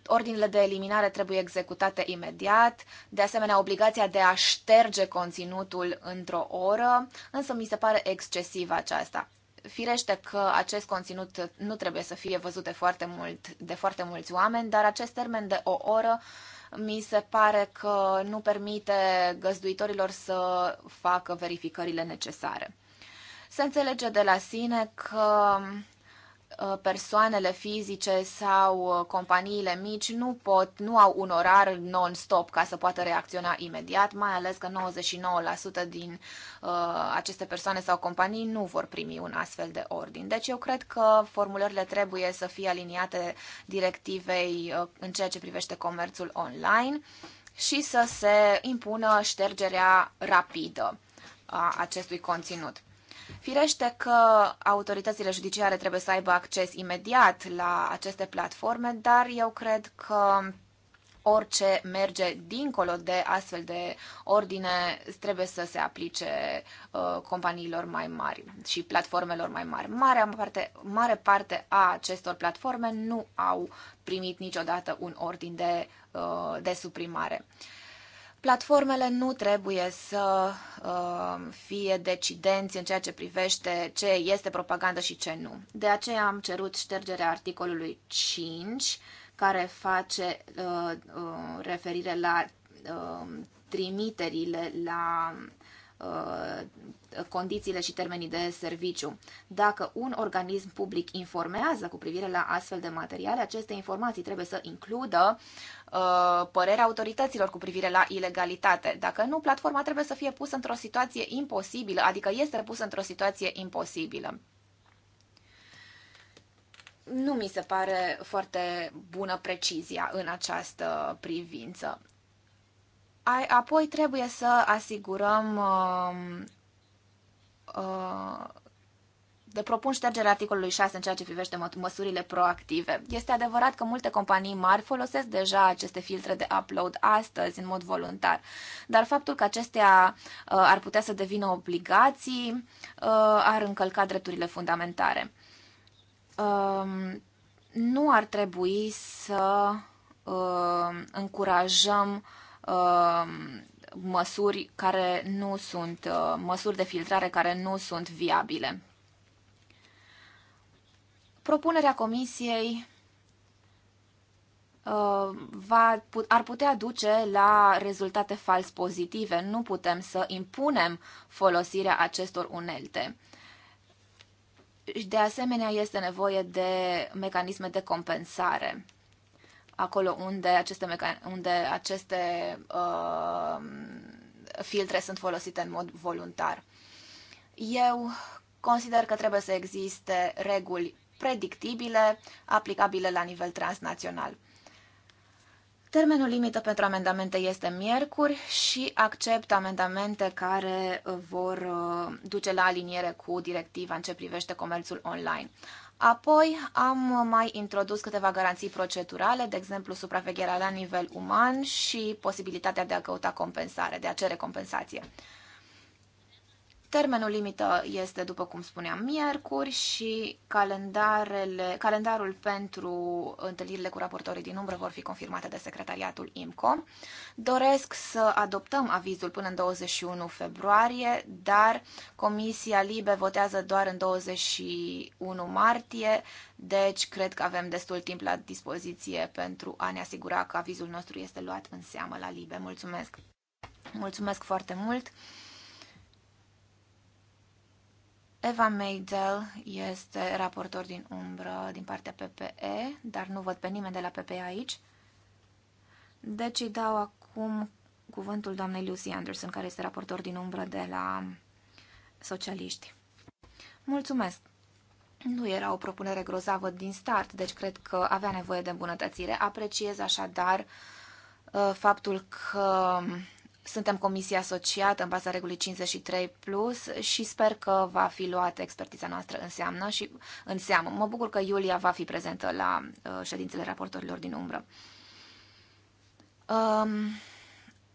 ordinile de eliminare trebuie executate imediat, de asemenea obligația de a șterge conținutul într-o oră, însă mi se pare excesivă aceasta. Firește că acest conținut nu trebuie să fie văzut de foarte, mult, de foarte mulți oameni, dar acest termen de o oră mi se pare că nu permite găzduitorilor să facă verificările necesare. Se înțelege de la sine că Uh, persoanele fizice sau uh, companiile mici nu pot, nu au un orar non-stop ca să poată reacționa imediat, mai ales că 99% din uh, aceste persoane sau companii nu vor primi un astfel de ordin. Deci eu cred că formulările trebuie să fie aliniate directivei uh, în ceea ce privește comerțul online și să se impună ștergerea rapidă a acestui conținut. Firește că autoritățile judiciare trebuie să aibă acces imediat la aceste platforme, dar eu cred că orice merge dincolo de astfel de ordine trebuie să se aplice uh, companiilor mai mari și platformelor mai mari. Marea parte, mare parte a acestor platforme nu au primit niciodată un ordin de, uh, de suprimare. Uh, Platformele nu trebuie să uh, fie decidenți în ceea ce privește ce este propagandă și ce nu. De aceea am cerut ștergerea articolului 5, care face uh, uh, referire la uh, trimiterile la Uh, condițiile și termenii de serviciu. Dacă un organism public informează cu privire la astfel de materiale, aceste informații trebuie să includă uh, părerea autorităților cu privire la ilegalitate. Dacă nu, platforma trebuie să fie pusă într-o situație imposibilă, adică este pusă într-o situație imposibilă. Nu mi se pare foarte bună precizia în această privință. Apoi trebuie să asigurăm uh, uh, de propun ștergerea articolului 6 în ceea ce privește mă măsurile proactive. Este adevărat că multe companii mari folosesc deja aceste filtre de upload astăzi în mod voluntar, dar faptul că acestea uh, ar putea să devină obligații uh, ar încălca drepturile fundamentare. Uh, nu ar trebui să uh, încurajăm uh, Uh, măsuri care nu sunt, uh, măsuri de filtrare care nu sunt viabile. Propunerea comisiei uh, va, ar putea duce la rezultate fals pozitive. Nu putem să impunem folosirea acestor unelte. De asemenea, este nevoie de mecanisme de compensare acolo unde aceste, mecan- unde aceste uh, filtre sunt folosite în mod voluntar. Eu consider că trebuie să existe reguli predictibile, aplicabile la nivel transnațional. Termenul limită pentru amendamente este miercuri și accept amendamente care vor uh, duce la aliniere cu directiva în ce privește comerțul online. Apoi am mai introdus câteva garanții procedurale, de exemplu supravegherea la nivel uman și posibilitatea de a căuta compensare, de a cere compensație. Termenul limită este, după cum spuneam, miercuri și calendarele, calendarul pentru întâlnirile cu raportorii din umbră vor fi confirmate de secretariatul IMCO. Doresc să adoptăm avizul până în 21 februarie, dar Comisia Libe votează doar în 21 martie, deci cred că avem destul timp la dispoziție pentru a ne asigura că avizul nostru este luat în seamă la Libe. Mulțumesc! Mulțumesc foarte mult! Eva Meidel este raportor din umbră din partea PPE, dar nu văd pe nimeni de la PPE aici. Deci îi dau acum cuvântul doamnei Lucy Anderson, care este raportor din umbră de la socialiști. Mulțumesc! Nu era o propunere grozavă din start, deci cred că avea nevoie de îmbunătățire. Apreciez așadar uh, faptul că suntem comisia asociată în baza regulii 53 plus și sper că va fi luată expertiza noastră în, seamă și, în seamă. Mă bucur că Iulia va fi prezentă la uh, ședințele raportorilor din umbră. Um,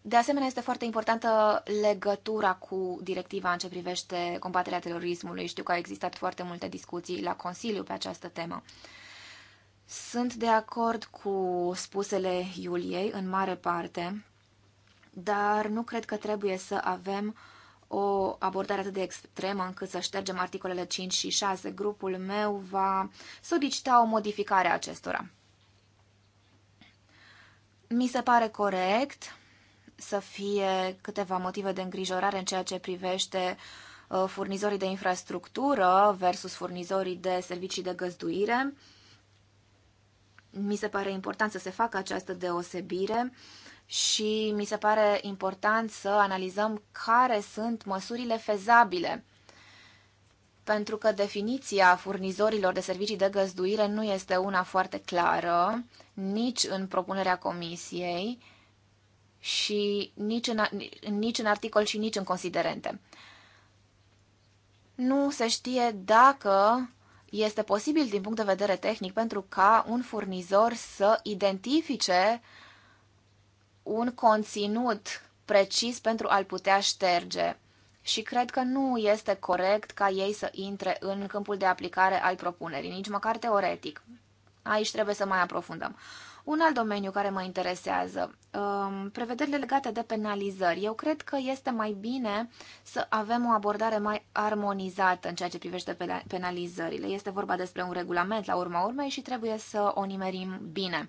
de asemenea, este foarte importantă legătura cu directiva în ce privește combaterea terorismului. Știu că au existat foarte multe discuții la Consiliu pe această temă. Sunt de acord cu spusele Iuliei în mare parte dar nu cred că trebuie să avem o abordare atât de extremă încât să ștergem articolele 5 și 6. Grupul meu va solicita o modificare a acestora. Mi se pare corect să fie câteva motive de îngrijorare în ceea ce privește uh, furnizorii de infrastructură versus furnizorii de servicii de găzduire. Mi se pare important să se facă această deosebire și mi se pare important să analizăm care sunt măsurile fezabile, pentru că definiția furnizorilor de servicii de găzduire nu este una foarte clară, nici în propunerea comisiei și nici în, nici în articol și nici în considerente. Nu se știe dacă este posibil din punct de vedere tehnic pentru ca un furnizor să identifice uh, un conținut precis pentru a-l putea șterge. Și cred că nu este corect ca ei să intre în câmpul de aplicare al propunerii, nici măcar teoretic. Aici trebuie să mai aprofundăm. Un alt domeniu care mă interesează, um, prevederile legate de penalizări. Eu cred că este mai bine să avem o abordare mai armonizată în ceea ce privește penalizările. Este vorba despre un regulament la urma urmei și trebuie să o nimerim bine.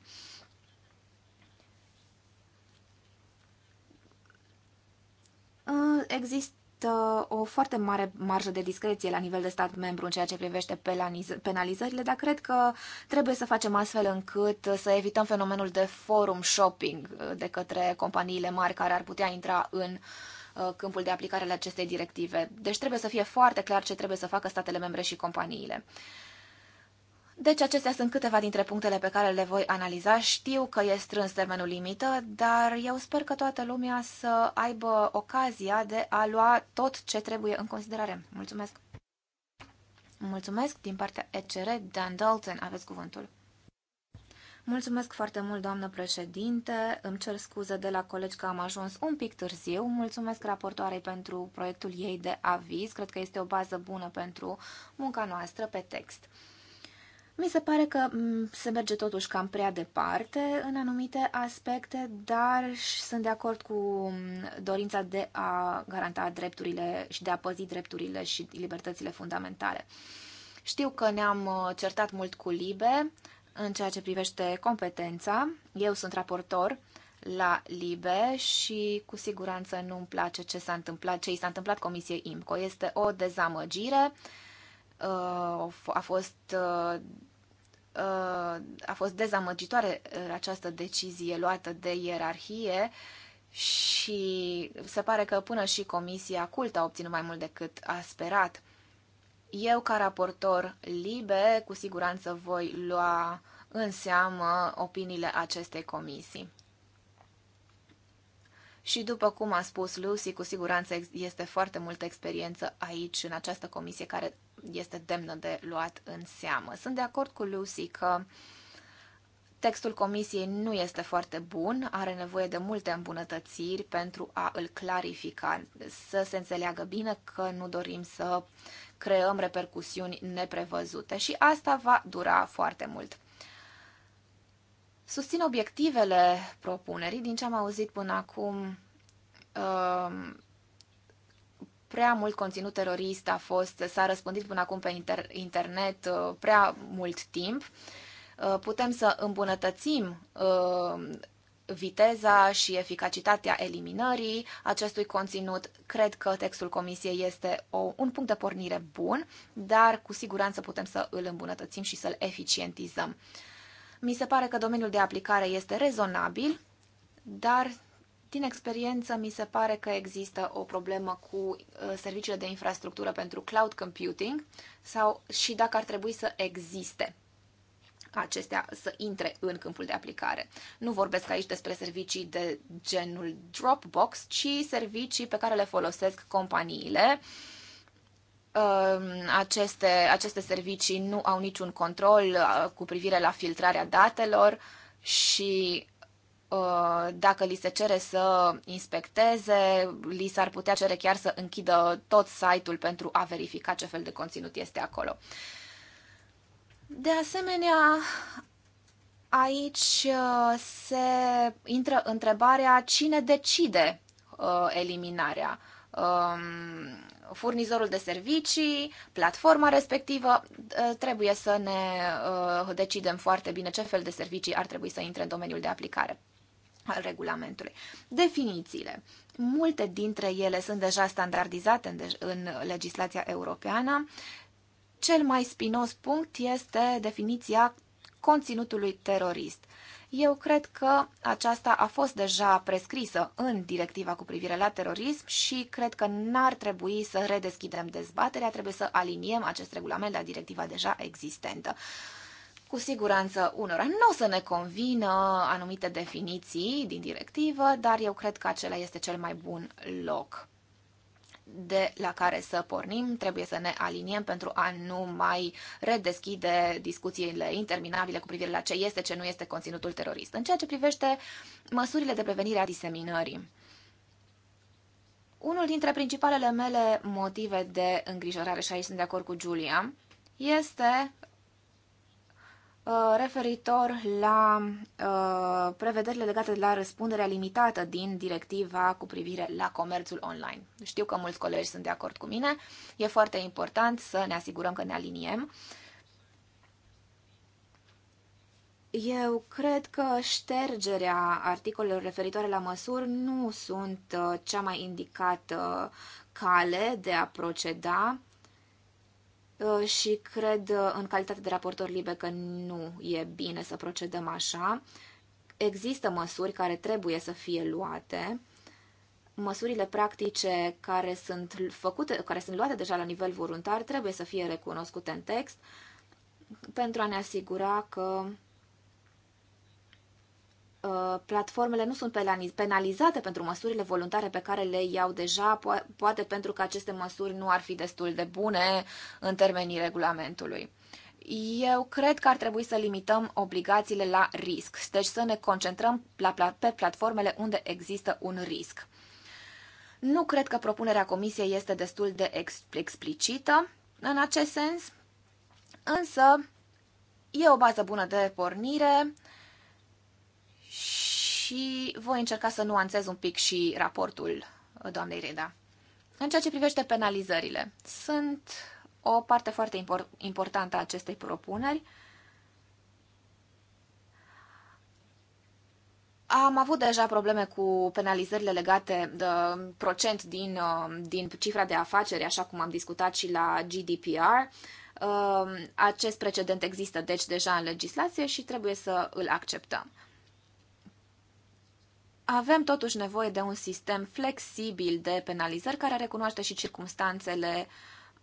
Există o foarte mare marjă de discreție la nivel de stat membru în ceea ce privește penalizările, dar cred că trebuie să facem astfel încât să evităm fenomenul de forum shopping uh, de către companiile mari care ar putea intra în uh, câmpul de aplicare la acestei directive. Deci trebuie să fie foarte clar ce trebuie să facă statele membre și companiile. Deci acestea sunt câteva dintre punctele pe care le voi analiza. Știu că e strâns termenul limită, dar eu sper că toată lumea să aibă ocazia de a lua tot ce trebuie în considerare. Mulțumesc! Mulțumesc din partea ECR, Dan Dalton, aveți cuvântul. Mulțumesc foarte mult, doamnă președinte. Îmi cer scuze de la colegi că am ajuns un pic târziu. Mulțumesc raportoarei pentru proiectul ei de aviz. Cred că este o bază bună pentru munca noastră pe text. Mi se pare că mm, se merge totuși cam prea departe în anumite aspecte, dar sunt de acord cu mm, dorința de a garanta drepturile și de a păzi drepturile și libertățile fundamentale. Știu că ne-am uh, certat mult cu Libe în ceea ce privește competența. Eu sunt raportor la Libe și cu siguranță nu-mi place ce s-a întâmplat, ce i s-a întâmplat Comisiei IMCO. Este o dezamăgire uh, Uh, a fost uh, uh, a fost dezamăgitoare această decizie luată de ierarhie și se pare că până și Comisia Cult a obținut mai mult decât a sperat. Eu, ca raportor libe, cu siguranță voi lua în seamă opiniile acestei comisii și după cum a spus Lucy, cu siguranță este foarte multă experiență aici, în această comisie, care este demnă de luat în seamă. Sunt de acord cu Lucy că textul comisiei nu este foarte bun, are nevoie de multe îmbunătățiri pentru a îl clarifica, să se înțeleagă bine că nu dorim să creăm repercusiuni neprevăzute și asta va dura foarte mult. Susțin obiectivele propunerii. Din ce am auzit până acum, um, prea mult conținut terorist a fost, s-a răspândit până acum pe inter- internet uh, prea mult timp. Uh, putem să îmbunătățim um, viteza și eficacitatea eliminării acestui conținut. Cred că textul comisiei este o, un punct de pornire bun, dar cu siguranță putem să îl îmbunătățim și să-l eficientizăm. Mi se pare că domeniul de aplicare este rezonabil, dar din experiență mi se pare că există o problemă cu uh, serviciile de infrastructură pentru cloud computing sau și dacă ar trebui să existe acestea să intre în câmpul de aplicare. Nu vorbesc aici despre servicii de genul Dropbox, ci servicii pe care le folosesc companiile uh, Um, aceste, aceste servicii nu au niciun control uh, cu privire la filtrarea datelor și uh, dacă li se cere să inspecteze, li s-ar putea cere chiar să închidă tot site-ul pentru a verifica ce fel de conținut este acolo. De asemenea, aici uh, se intră întrebarea cine decide eliminarea um, furnizorul de servicii, platforma respectivă, ă, trebuie să ne ă, decidem foarte bine ce fel de servicii ar trebui să intre în domeniul de aplicare al regulamentului. Definițiile. Multe dintre ele sunt deja standardizate în, în legislația europeană. Cel mai spinos punct este definiția conținutului terorist. Eu cred că aceasta a fost deja prescrisă în directiva cu privire la terorism și cred că n-ar trebui să redeschidem dezbaterea, trebuie să aliniem acest regulament la directiva deja existentă. Cu siguranță unora nu o să ne convină anumite definiții din directivă, dar eu cred că acela este cel mai bun loc de la care să pornim, trebuie să ne aliniem pentru a nu mai redeschide discuțiile interminabile cu privire la ce este, ce nu este conținutul terorist. În ceea ce privește măsurile de prevenire a diseminării, unul dintre principalele mele motive de îngrijorare, și aici sunt de acord cu Julia, este Uh, referitor la uh, prevederile legate de la răspunderea limitată din directiva cu privire la comerțul online. Știu că mulți colegi sunt de acord cu mine. E foarte important să ne asigurăm că ne aliniem. Eu cred că ștergerea articolelor referitoare la măsuri nu sunt uh, cea mai indicată cale de a proceda Uh, și cred uh, în calitate de raportor liber că nu e bine să procedăm așa. Există măsuri care trebuie să fie luate, măsurile practice care sunt, făcute, care sunt luate deja la nivel voluntar trebuie să fie recunoscute în text pentru a ne asigura că Uh, platformele nu sunt penalizate pentru măsurile voluntare pe care le iau deja, poate pentru că aceste măsuri nu ar fi destul de bune în termenii regulamentului. Eu cred că ar trebui să limităm obligațiile la risc, deci să ne concentrăm pe platformele unde există un risc. Nu cred că propunerea comisiei este destul de explicită în acest sens, însă e o bază bună de pornire și voi încerca să nuanțez un pic și raportul doamnei Reda. În ceea ce privește penalizările, sunt o parte foarte importantă a acestei propuneri. Am avut deja probleme cu penalizările legate de procent din, uh, din cifra de afaceri, așa cum am discutat și la GDPR. Uh, acest precedent există deci deja în legislație și trebuie să îl acceptăm. Avem totuși nevoie de un sistem flexibil de penalizări care recunoaște și circumstanțele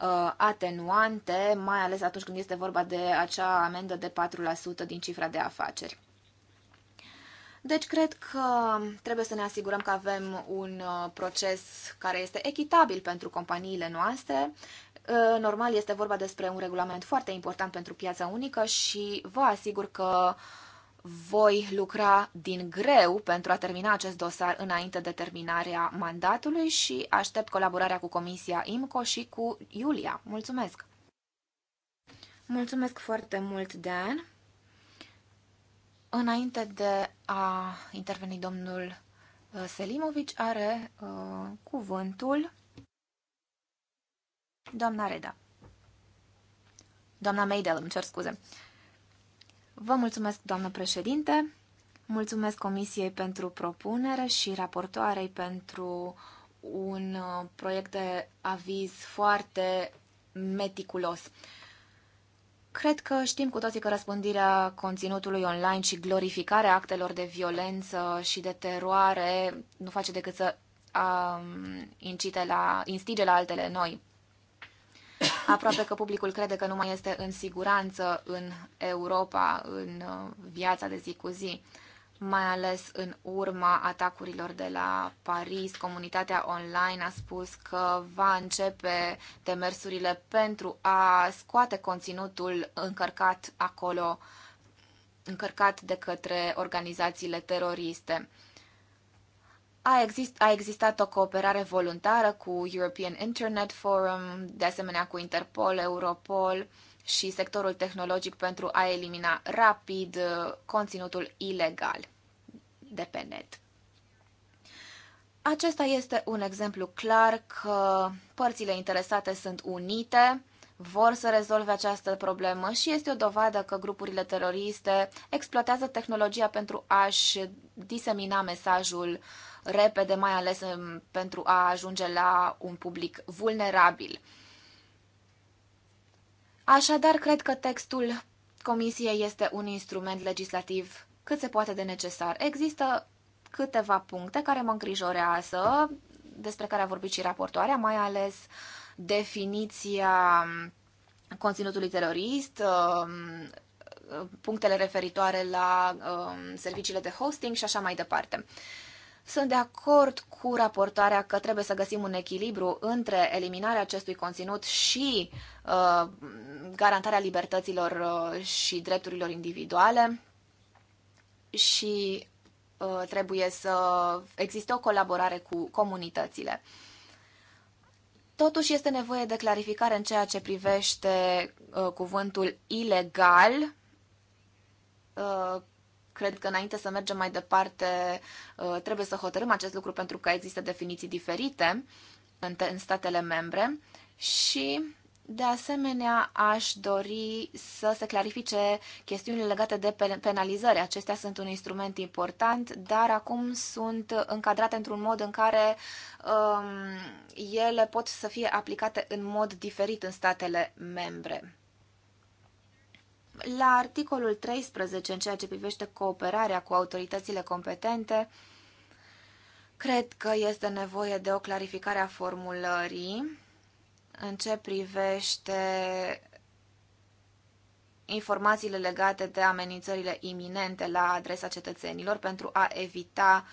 uh, atenuante, mai ales atunci când este vorba de acea amendă de 4% din cifra de afaceri. Deci cred că trebuie să ne asigurăm că avem un uh, proces care este echitabil pentru companiile noastre. Uh, normal este vorba despre un regulament foarte important pentru piața unică și vă asigur că uh, voi lucra din greu pentru a termina acest dosar înainte de terminarea mandatului și aștept colaborarea cu Comisia IMCO și cu Iulia. Mulțumesc! Mulțumesc foarte mult, Dan! Înainte de a interveni domnul uh, Selimovic, are uh, cuvântul doamna Reda. Doamna Meidel, îmi cer scuze. Uh, Vă mulțumesc, doamnă președinte, mulțumesc Comisiei pentru propunere și raportoarei pentru un uh, proiect de aviz foarte meticulos. Cred că știm cu toții că răspândirea conținutului online și glorificarea actelor de violență și de teroare nu face decât să um, incite la, instige la altele noi Aproape că publicul crede că nu mai este în siguranță în Europa, în uh, viața de zi cu zi, mai ales în urma atacurilor de la Paris. Comunitatea online a spus că va începe demersurile pentru a scoate conținutul încărcat acolo, încărcat de către organizațiile teroriste. A, exist, a existat o cooperare voluntară cu European Internet Forum, de asemenea cu Interpol, Europol și sectorul tehnologic pentru a elimina rapid uh, conținutul ilegal de pe net. Acesta este un exemplu clar că părțile interesate sunt unite vor să rezolve această problemă și este o dovadă că grupurile teroriste exploatează tehnologia pentru a-și disemina mesajul repede, mai ales um, pentru a ajunge la un public vulnerabil. Așadar, cred că textul Comisiei este un instrument legislativ cât se poate de necesar. Există câteva puncte care mă îngrijorează, despre care a vorbit și raportoarea, mai ales uh, definiția conținutului terorist, um, punctele referitoare la um, serviciile de hosting și așa mai departe. Sunt de acord cu raportarea că trebuie să găsim un echilibru între eliminarea acestui conținut și uh, garantarea libertăților uh, și drepturilor individuale și uh, trebuie să existe o colaborare cu comunitățile. Totuși este nevoie de clarificare în ceea ce privește uh, cuvântul ilegal. Uh, cred că înainte să mergem mai departe uh, trebuie să hotărâm acest lucru pentru că există definiții diferite în, în statele membre și de asemenea, aș dori să se clarifice chestiunile legate de penalizări. Acestea sunt un instrument important, dar acum sunt încadrate într-un mod în care um, ele pot să fie aplicate în mod diferit în statele membre. La articolul 13, în ceea ce privește cooperarea cu autoritățile competente, cred că este nevoie de o clarificare a formulării în ce privește informațiile legate de amenințările iminente la adresa cetățenilor pentru a evita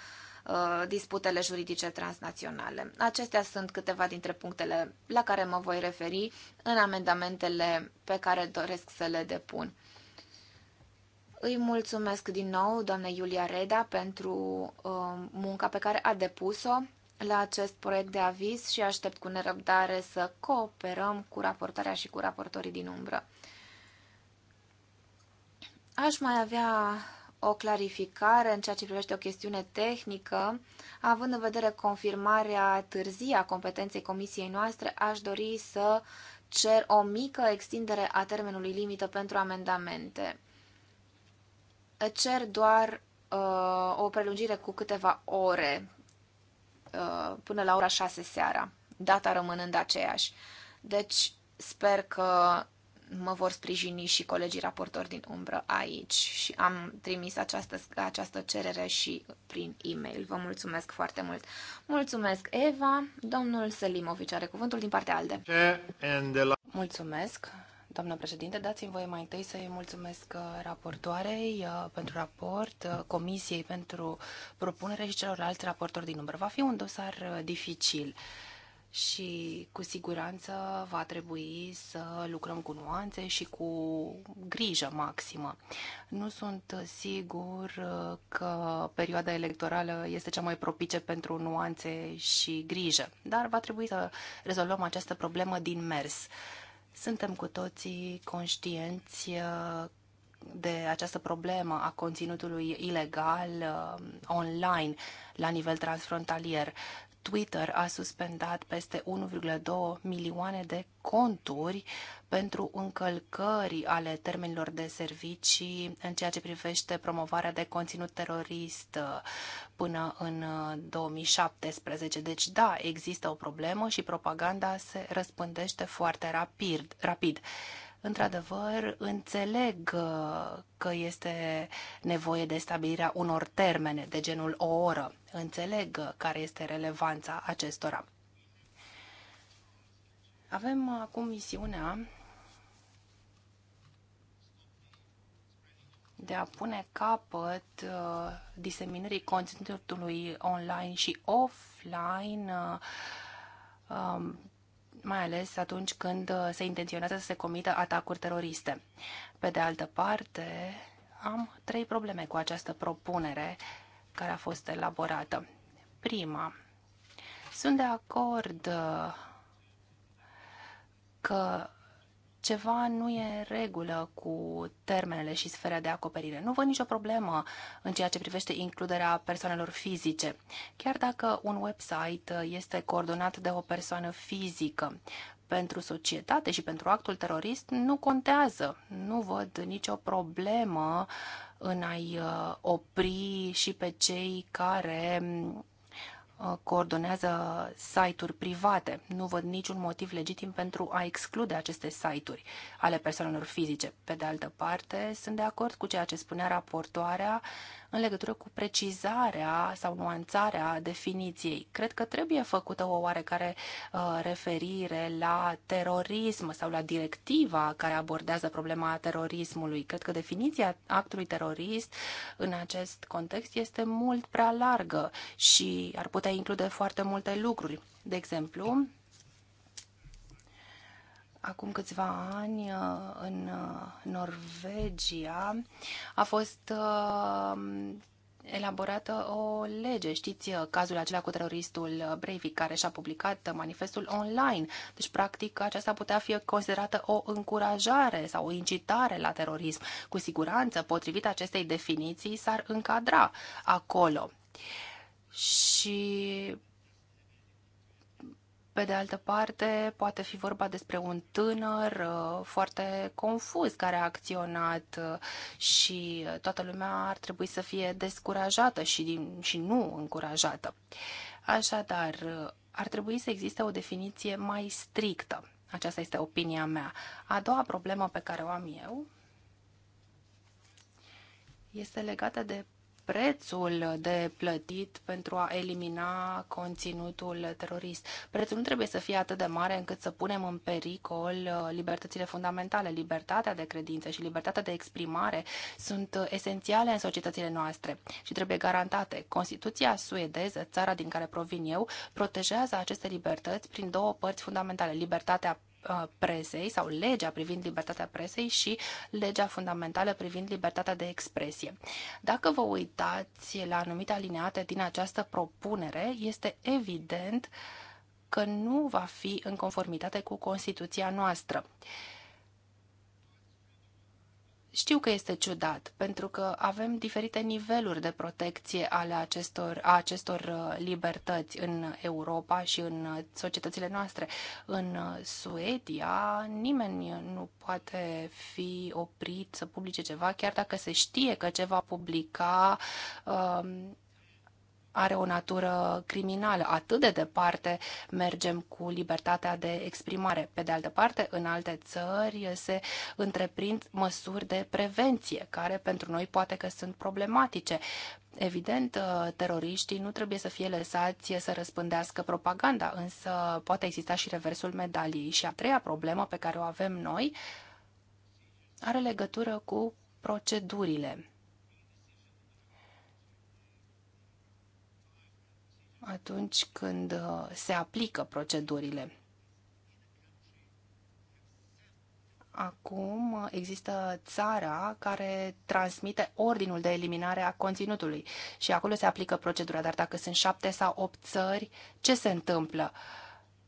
uh, disputele juridice transnaționale. Acestea sunt câteva dintre punctele la care mă voi referi în amendamentele pe care doresc să le depun. Îi mulțumesc din nou, doamne Iulia Reda, pentru uh, munca pe care a depus-o la acest proiect de aviz și aștept cu nerăbdare să cooperăm cu raportarea și cu raportorii din umbră. Aș mai avea o clarificare în ceea ce privește o chestiune tehnică. Având în vedere confirmarea târzie a competenței comisiei noastre, aș dori să cer o mică extindere a termenului limită pentru amendamente. Cer doar uh, o prelungire cu câteva ore Uh, până la ora 6 seara, data rămânând aceeași. Deci sper că mă vor sprijini și colegii raportori din umbră aici și am trimis această, această cerere și prin e-mail. Vă mulțumesc foarte mult. Mulțumesc, Eva. Domnul Selimovici are cuvântul din partea ALDE. Mulțumesc Doamna președinte, dați-mi voie mai întâi să-i mulțumesc uh, raportoarei uh, pentru raport, uh, comisiei pentru propunere și celorlalți raportori din număr Va fi un dosar dificil și cu siguranță va trebui să lucrăm cu nuanțe și cu grijă maximă. Nu sunt sigur că perioada electorală este cea mai propice pentru nuanțe și grijă, dar va trebui să rezolvăm această problemă din mers. Suntem cu toții conștienți uh, de această problemă a conținutului ilegal uh, online la nivel transfrontalier. Twitter a suspendat peste 1,2 milioane de conturi pentru încălcări ale termenilor de servicii în ceea ce privește promovarea de conținut terorist uh, până în 2017. Uh, deci, da, există o problemă și propaganda se răspândește foarte rapid. rapid într-adevăr, înțeleg uh, că este nevoie de stabilirea unor termene de genul o oră înțeleg care este relevanța acestora. Avem acum misiunea de a pune capăt uh, diseminării conținutului online și offline, uh, um, mai ales atunci când se intenționează să se comită atacuri teroriste. Pe de altă parte, am trei probleme cu această propunere care a fost elaborată. Prima, sunt de acord uh, că ceva nu e în regulă cu termenele și sfera de acoperire. Nu văd nicio problemă în ceea ce privește includerea persoanelor fizice. Chiar dacă un website uh, este coordonat de o persoană fizică, pentru societate și pentru actul terorist nu contează. Nu văd nicio problemă uh, în a-i uh, opri și pe cei care uh, coordonează site-uri private. Nu văd niciun motiv legitim pentru a exclude aceste site-uri ale persoanelor fizice. Pe de altă parte, sunt de acord cu ceea ce spunea raportoarea în legătură cu precizarea sau nuanțarea definiției. Cred că trebuie făcută o oarecare uh, referire la terorism sau la directiva care abordează problema terorismului. Cred că definiția actului terorist în acest context este mult prea largă și ar putea include foarte multe lucruri. De exemplu, acum câțiva ani uh, în uh, Norvegia a fost uh, elaborată o lege. Știți cazul acela cu teroristul Breivik care și-a publicat manifestul online. Deci, practic, aceasta putea fi considerată o încurajare sau o incitare la terorism. Cu siguranță, potrivit acestei definiții, s-ar încadra acolo. Și pe de altă parte, poate fi vorba despre un tânăr uh, foarte confuz care a acționat uh, și uh, toată lumea ar trebui să fie descurajată și, din și nu încurajată. Așadar, ar trebui să existe o definiție mai strictă. Aceasta este opinia mea. A doua problemă pe care o am eu este legată de prețul de plătit pentru a elimina conținutul terorist. Prețul nu trebuie să fie atât de mare încât să punem în pericol uh, libertățile fundamentale. Libertatea de credință și libertatea de exprimare sunt uh, esențiale în societățile noastre și trebuie garantate. Constituția suedeză, țara din care provin eu, protejează aceste libertăți prin două părți fundamentale, libertatea Uh, presei sau legea privind libertatea presei și legea fundamentală privind libertatea de expresie. Dacă vă uitați la anumite alineate din această propunere, este evident că nu va fi în conformitate cu Constituția noastră. Știu că este ciudat, pentru că avem diferite niveluri de protecție ale acestor, a acestor uh, libertăți în Europa și în uh, societățile noastre. În uh, Suedia, nimeni nu poate fi oprit să publice ceva, chiar dacă se știe că ceva publica um, are o natură criminală. Atât de departe mergem cu libertatea de exprimare. Pe de altă parte, în alte țări se întreprind măsuri de prevenție, care pentru noi poate că sunt problematice. Evident, teroriștii nu trebuie să fie lăsați să răspândească propaganda, însă poate exista și reversul medaliei. Și a treia problemă pe care o avem noi are legătură cu procedurile atunci când uh, se aplică procedurile. Acum uh, există țara care transmite ordinul de eliminare a conținutului și acolo se aplică procedura, dar dacă sunt șapte sau opt țări, ce se întâmplă?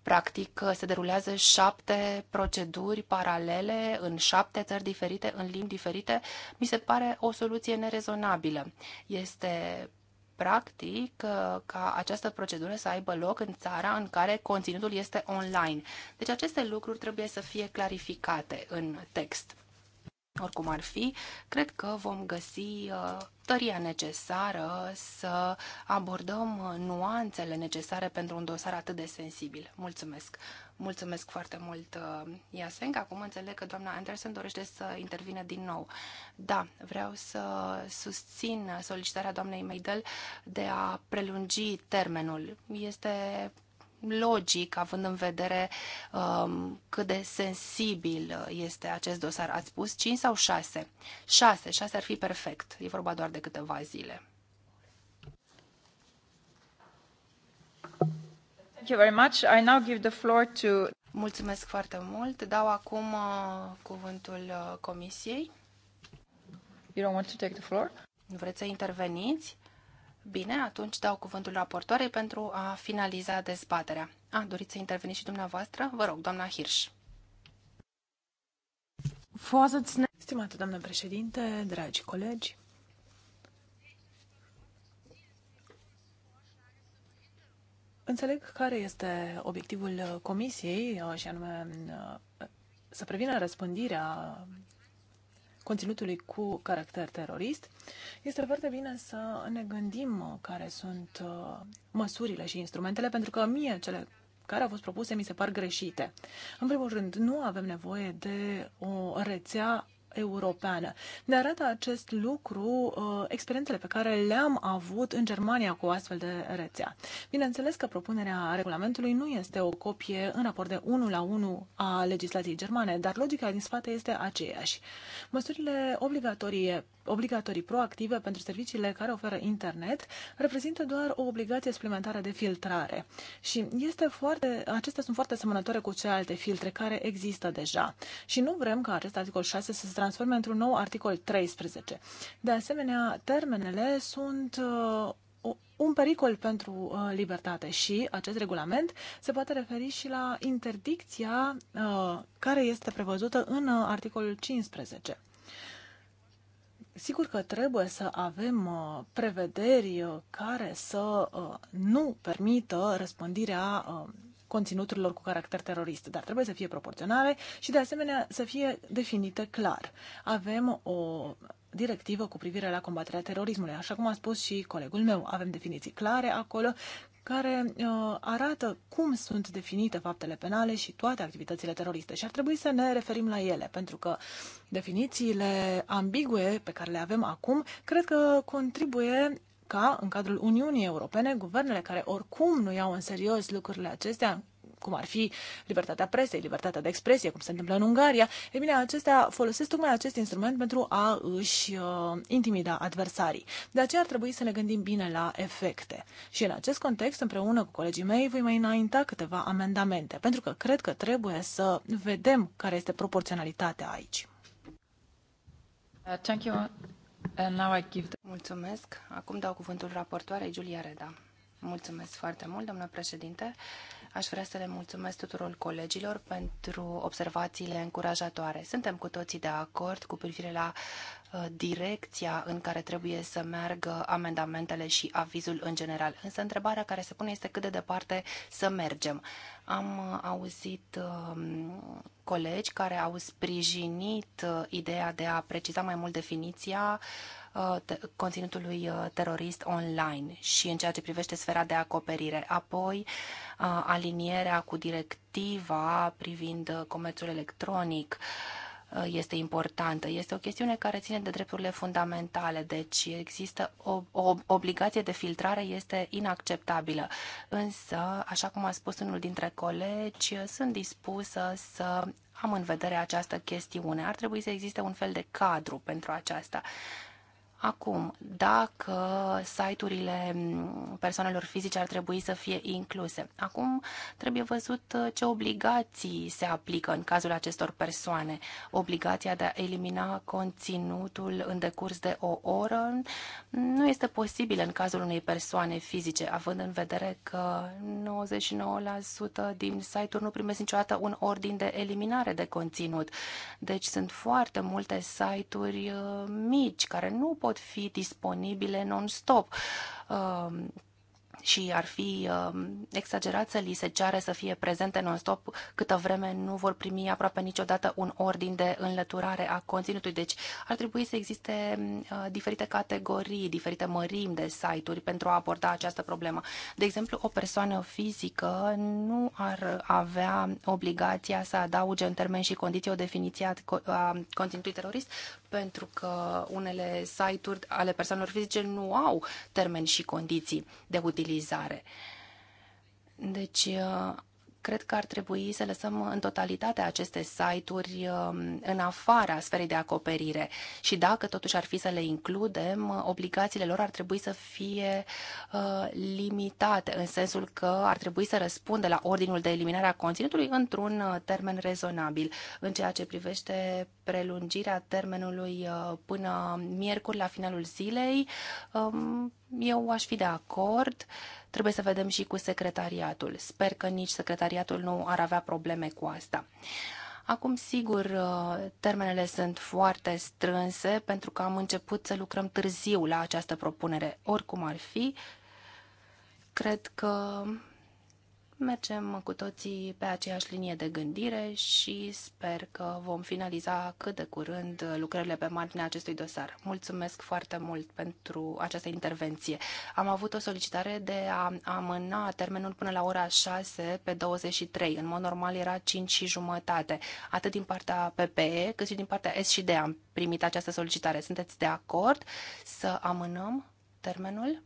Practic, uh, se derulează șapte proceduri paralele în șapte țări diferite, în limbi diferite, mi se pare o soluție nerezonabilă. Este practic uh, ca această procedură să aibă loc în țara în care conținutul este online. Deci aceste lucruri trebuie să fie clarificate în text oricum ar fi, cred că vom găsi uh, tăria necesară să abordăm uh, nuanțele necesare pentru un dosar atât de sensibil. Mulțumesc! Mulțumesc foarte mult, uh, Iasenc. Acum înțeleg că doamna Anderson dorește să intervină din nou. Da, vreau să susțin solicitarea doamnei Meidel de a prelungi termenul. Este logic, având în vedere um, cât de sensibil uh, este acest dosar. Ați spus 5 sau 6? 6, 6 ar fi perfect. E vorba doar de câteva zile. Thank you very much. I now give the floor to Mulțumesc foarte mult. Dau acum uh, cuvântul uh, comisiei. You don't want to take the floor? Vreți să interveniți? Bine, atunci dau cuvântul raportoarei pentru a finaliza dezbaterea. A, doriți să interveniți și dumneavoastră? Vă rog, doamna Hirsch. Stimată doamnă președinte, dragi colegi, Înțeleg care este obiectivul comisiei și anume uh, să prevină răspândirea conținutului cu caracter terorist, este foarte bine să ne gândim uh, care sunt uh, măsurile și instrumentele, pentru că mie cele care au fost propuse mi se par greșite. În primul rând, nu avem nevoie de o rețea europeană. Ne arată acest lucru uh, experiențele pe care le-am avut în Germania cu astfel de rețea. Bineînțeles că propunerea regulamentului nu este o copie în raport de 1 la 1 a legislației germane, dar logica din spate este aceeași. Măsurile obligatorii obligatorii proactive pentru serviciile care oferă internet reprezintă doar o obligație suplimentară de filtrare. Și este foarte, acestea sunt foarte asemănătoare cu celelalte filtre care există deja. Și nu vrem ca acest articol 6 să se transforme într-un nou articol 13. De asemenea, termenele sunt uh, un pericol pentru uh, libertate și acest regulament se poate referi și la interdicția uh, care este prevăzută în uh, articolul 15. Sigur că trebuie să avem uh, prevederi uh, care să uh, nu permită răspândirea conținuturilor cu caracter terorist, dar trebuie să fie proporționale și de asemenea să fie definite clar. Avem o directivă cu privire la combaterea terorismului. Așa cum a spus și colegul meu, avem definiții clare acolo care uh, arată cum sunt definite faptele penale și toate activitățile teroriste și ar trebui să ne referim la ele, pentru că definițiile ambigue pe care le avem acum cred că contribuie ca în cadrul Uniunii Europene, guvernele care oricum nu iau în serios lucrurile acestea, cum ar fi libertatea presei, libertatea de expresie, cum se întâmplă în Ungaria, e bine, acestea folosesc tocmai acest instrument pentru a își uh, intimida adversarii. De aceea ar trebui să ne gândim bine la efecte. Și în acest context, împreună cu colegii mei, voi mai înainta câteva amendamente, pentru că cred că trebuie să vedem care este proporționalitatea aici. Uh, thank you. And uh, now I give the... Mulțumesc. Acum dau cuvântul raportoarei Giulia Reda. Mulțumesc foarte mult, domnule președinte. Aș vrea să le mulțumesc tuturor colegilor pentru observațiile încurajatoare. Suntem cu toții de acord cu privire la uh, direcția în care trebuie să meargă amendamentele și avizul în general. Însă întrebarea care se pune este cât de departe să mergem. Am uh, auzit um, colegi care au sprijinit uh, ideea de a preciza mai mult definiția Uh, conținutului uh, terorist online și în ceea ce privește sfera de acoperire. Apoi, uh, alinierea cu directiva privind comerțul electronic este importantă. Este o chestiune care ține de drepturile fundamentale, deci există o, o obligație de filtrare, este inacceptabilă. Însă, așa cum a spus unul dintre colegi, sunt dispusă să am în vedere această chestiune. Ar trebui să existe un fel de cadru pentru aceasta. Acum, dacă site-urile mm, persoanelor fizice ar trebui să fie incluse, acum trebuie văzut uh, ce obligații se aplică în cazul acestor persoane. Obligația de a elimina conținutul în decurs de o oră nu este posibilă în cazul unei persoane fizice, având în vedere că 99% din site-uri nu primesc niciodată un ordin de eliminare de conținut. Deci sunt foarte multe site-uri uh, mici care nu pot pot fi disponibile non-stop. Um, și ar fi um, exagerat să li se ceare să fie prezente non-stop câtă vreme nu vor primi aproape niciodată un ordin de înlăturare a conținutului. Deci ar trebui să existe um, uh, diferite categorii, diferite mărimi de site-uri pentru a aborda această problemă. De exemplu, o persoană fizică nu ar avea obligația să adauge în termen și condiții o definiție a conținutului terorist pentru că unele site-uri ale persoanelor fizice nu au termeni și condiții de utilizare utilizare. Deci uh, cred că ar trebui să lăsăm în totalitate aceste site-uri um, în afara sferei de acoperire și dacă totuși ar fi să le includem, obligațiile lor ar trebui să fie uh, limitate, în sensul că ar trebui să răspundă la ordinul de eliminare a conținutului într-un uh, termen rezonabil. În ceea ce privește prelungirea termenului uh, până miercuri la finalul zilei, um, eu aș fi de acord. Trebuie să vedem și cu secretariatul. Sper că nici secretariatul nu ar avea probleme cu asta. Acum, sigur, uh, termenele sunt foarte strânse pentru că am început să lucrăm târziu la această propunere. Oricum ar fi, cred că mergem cu toții pe aceeași linie de gândire și sper că vom finaliza cât de curând lucrările pe marginea acestui dosar. Mulțumesc foarte mult pentru această intervenție. Am avut o solicitare de a amâna termenul până la ora 6 pe 23. În mod normal era 5 și jumătate, atât din partea PPE cât și din partea S și D am primit această solicitare. Sunteți de acord să amânăm termenul?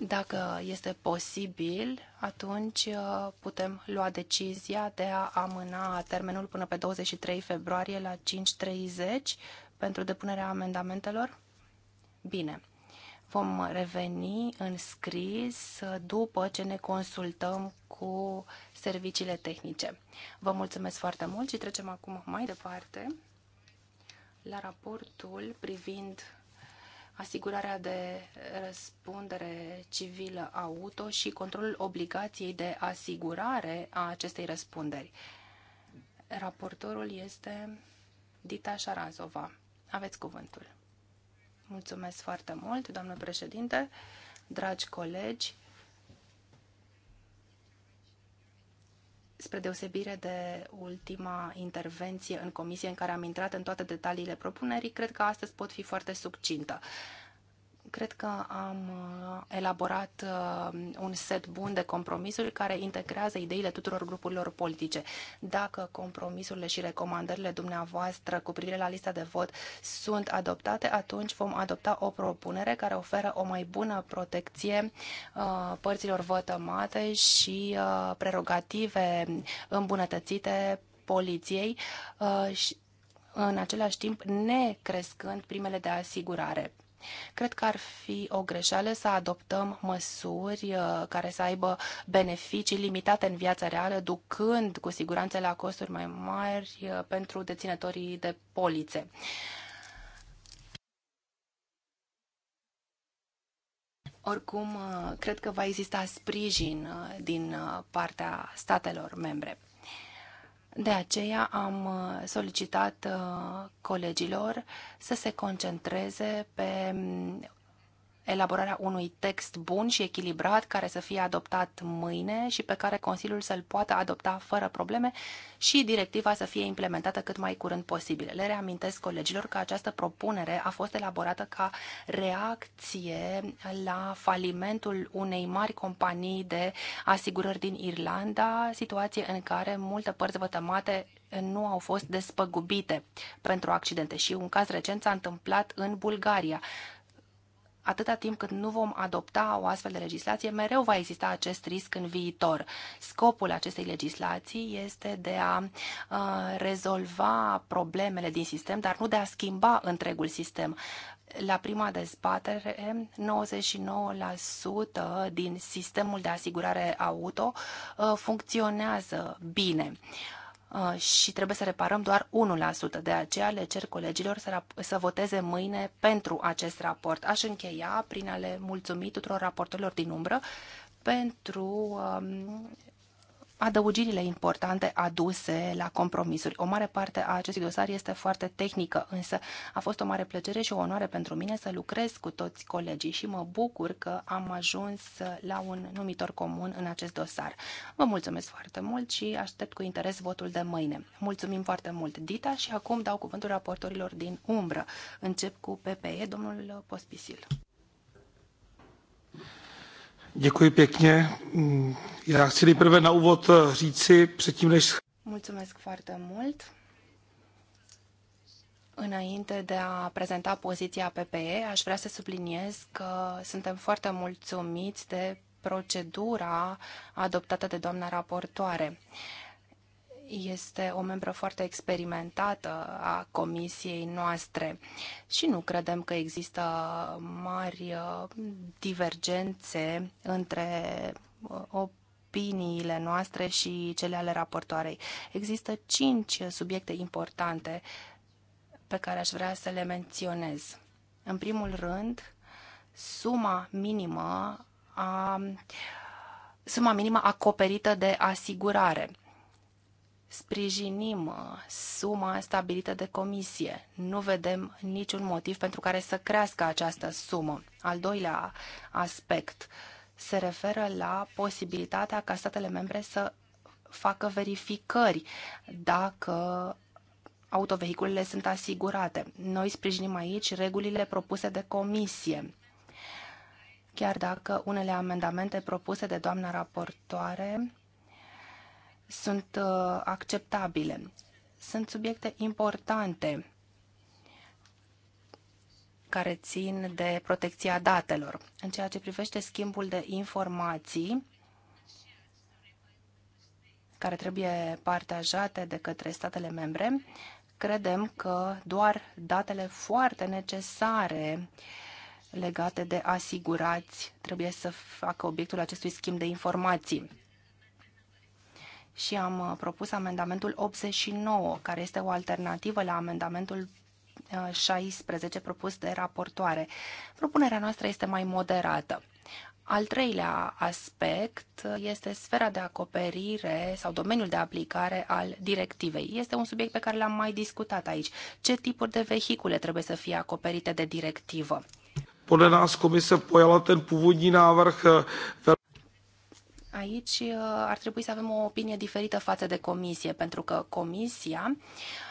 Dacă este posibil, atunci uh, putem lua decizia de a amâna termenul până pe 23 februarie la 5.30 pentru depunerea amendamentelor? Bine. Vom reveni în scris uh, după ce ne consultăm cu serviciile tehnice. Vă mulțumesc foarte mult și trecem acum mai departe la raportul privind asigurarea de răspundere civilă auto și controlul obligației de asigurare a acestei răspunderi. Raportorul este Dita Șarazova. Aveți cuvântul. Mulțumesc foarte mult, doamnă președinte, dragi colegi. spre deosebire de ultima intervenție în comisie în care am intrat în toate detaliile propunerii, cred că astăzi pot fi foarte succintă. Cred că am uh, elaborat uh, un set bun de compromisuri care integrează ideile tuturor grupurilor politice. Dacă compromisurile și recomandările dumneavoastră cu privire la lista de vot sunt adoptate, atunci vom adopta o propunere care oferă o mai bună protecție uh, părților vătămate și prerogative îmbunătățite poliției și în același timp necrescând primele de asigurare. Cred că ar fi o greșeală să adoptăm măsuri uh, care să aibă beneficii limitate în viața reală, ducând cu siguranță la costuri mai mari uh, pentru deținătorii de polițe. Oricum, uh, cred că va exista sprijin din partea statelor membre. De aceea am uh, solicitat uh, colegilor să se concentreze pe mm, elaborarea unui text bun și echilibrat care să fie adoptat mâine și pe care Consiliul să-l poată adopta fără probleme și directiva să fie implementată cât mai curând posibil. Le reamintesc colegilor că această propunere a fost elaborată ca reacție la falimentul unei mari companii de asigurări din Irlanda, situație în care multe părți vătămate nu au fost despăgubite pentru accidente și un caz recent s-a întâmplat în Bulgaria atâta timp cât nu vom adopta o astfel de legislație, mereu va exista acest risc în viitor. Scopul acestei legislații este de a uh, rezolva problemele din sistem, dar nu de a schimba întregul sistem la prima dezbatere, 99% din sistemul de asigurare auto uh, funcționează bine. Uh, și trebuie să reparăm doar 1%. De aceea le cer colegilor să, să voteze mâine pentru acest raport. Aș încheia prin a le mulțumi tuturor raportorilor din umbră pentru um, adăugirile importante aduse la compromisuri. O mare parte a acestui dosar este foarte tehnică, însă a fost o mare plăcere și o onoare pentru mine să lucrez cu toți colegii și mă bucur că am ajuns la un numitor comun în acest dosar. Vă mulțumesc foarte mult și aștept cu interes votul de mâine. Mulțumim foarte mult, Dita, și acum dau cuvântul raportorilor din umbră. Încep cu PPE, domnul Pospisil. Děkuji pěkně. Já chci nejprve na úvod eh, říci, předtím než... Mulțumesc foarte mult. Înainte de a prezenta poziția PPE, aș vrea să subliniez că suntem foarte mulțumiți de procedura adoptată de doamna raportoare. Uh, este o membră foarte experimentată a comisiei noastre și nu credem că există mari uh, divergențe între uh, opiniile noastre și cele ale raportoarei. Există cinci subiecte importante pe care aș vrea să le menționez. În primul rând, suma minimă a suma minimă acoperită de asigurare sprijinim uh, suma stabilită de comisie. Nu vedem niciun motiv pentru care să crească această sumă. Al doilea aspect se referă la posibilitatea ca statele membre să facă verificări dacă autovehiculele sunt asigurate. Noi sprijinim aici regulile propuse de comisie. Chiar dacă unele amendamente propuse de doamna raportoare sunt uh, acceptabile. Sunt subiecte importante care țin de protecția datelor. În ceea ce privește schimbul de informații, care trebuie partajate de către statele membre, credem că doar datele foarte necesare legate de asigurați trebuie să facă obiectul acestui schimb de informații și am uh, propus amendamentul 89, care este o alternativă la amendamentul 16 uh, propus de raportoare. Propunerea noastră este mai moderată. Al treilea aspect este sfera de acoperire sau domeniul de aplicare al directivei. Este un subiect pe care l-am mai discutat aici. Ce tipuri de vehicule trebuie să fie acoperite de directivă? Podle nás komise pojala ten původní návrh eh, Aici uh, ar trebui să avem o opinie diferită față de comisie, pentru că comisia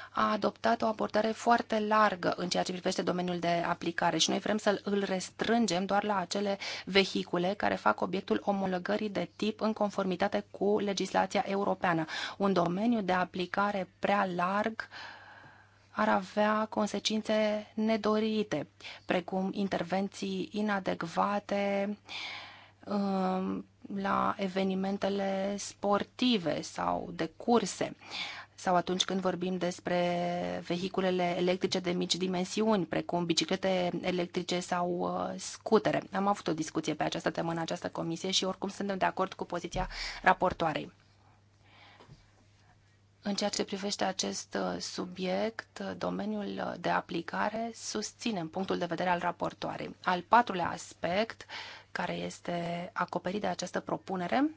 a adoptat o abordare foarte largă în ceea ce privește domeniul de aplicare și noi vrem să îl restrângem doar la acele vehicule care fac obiectul omologării de tip în conformitate cu legislația europeană. Un domeniu de aplicare prea larg ar avea consecințe nedorite, precum intervenții inadecvate, uh, Um, la evenimentele sportive sau de curse sau atunci când vorbim despre vehiculele electrice de mici dimensiuni, precum biciclete electrice sau uh, scutere. Am avut o discuție pe această temă în această comisie și oricum suntem de acord cu poziția raportoarei. În ceea ce privește acest uh, subiect, domeniul de aplicare, susținem punctul de vedere al raportoarei. Al patrulea aspect care este acoperit de această propunere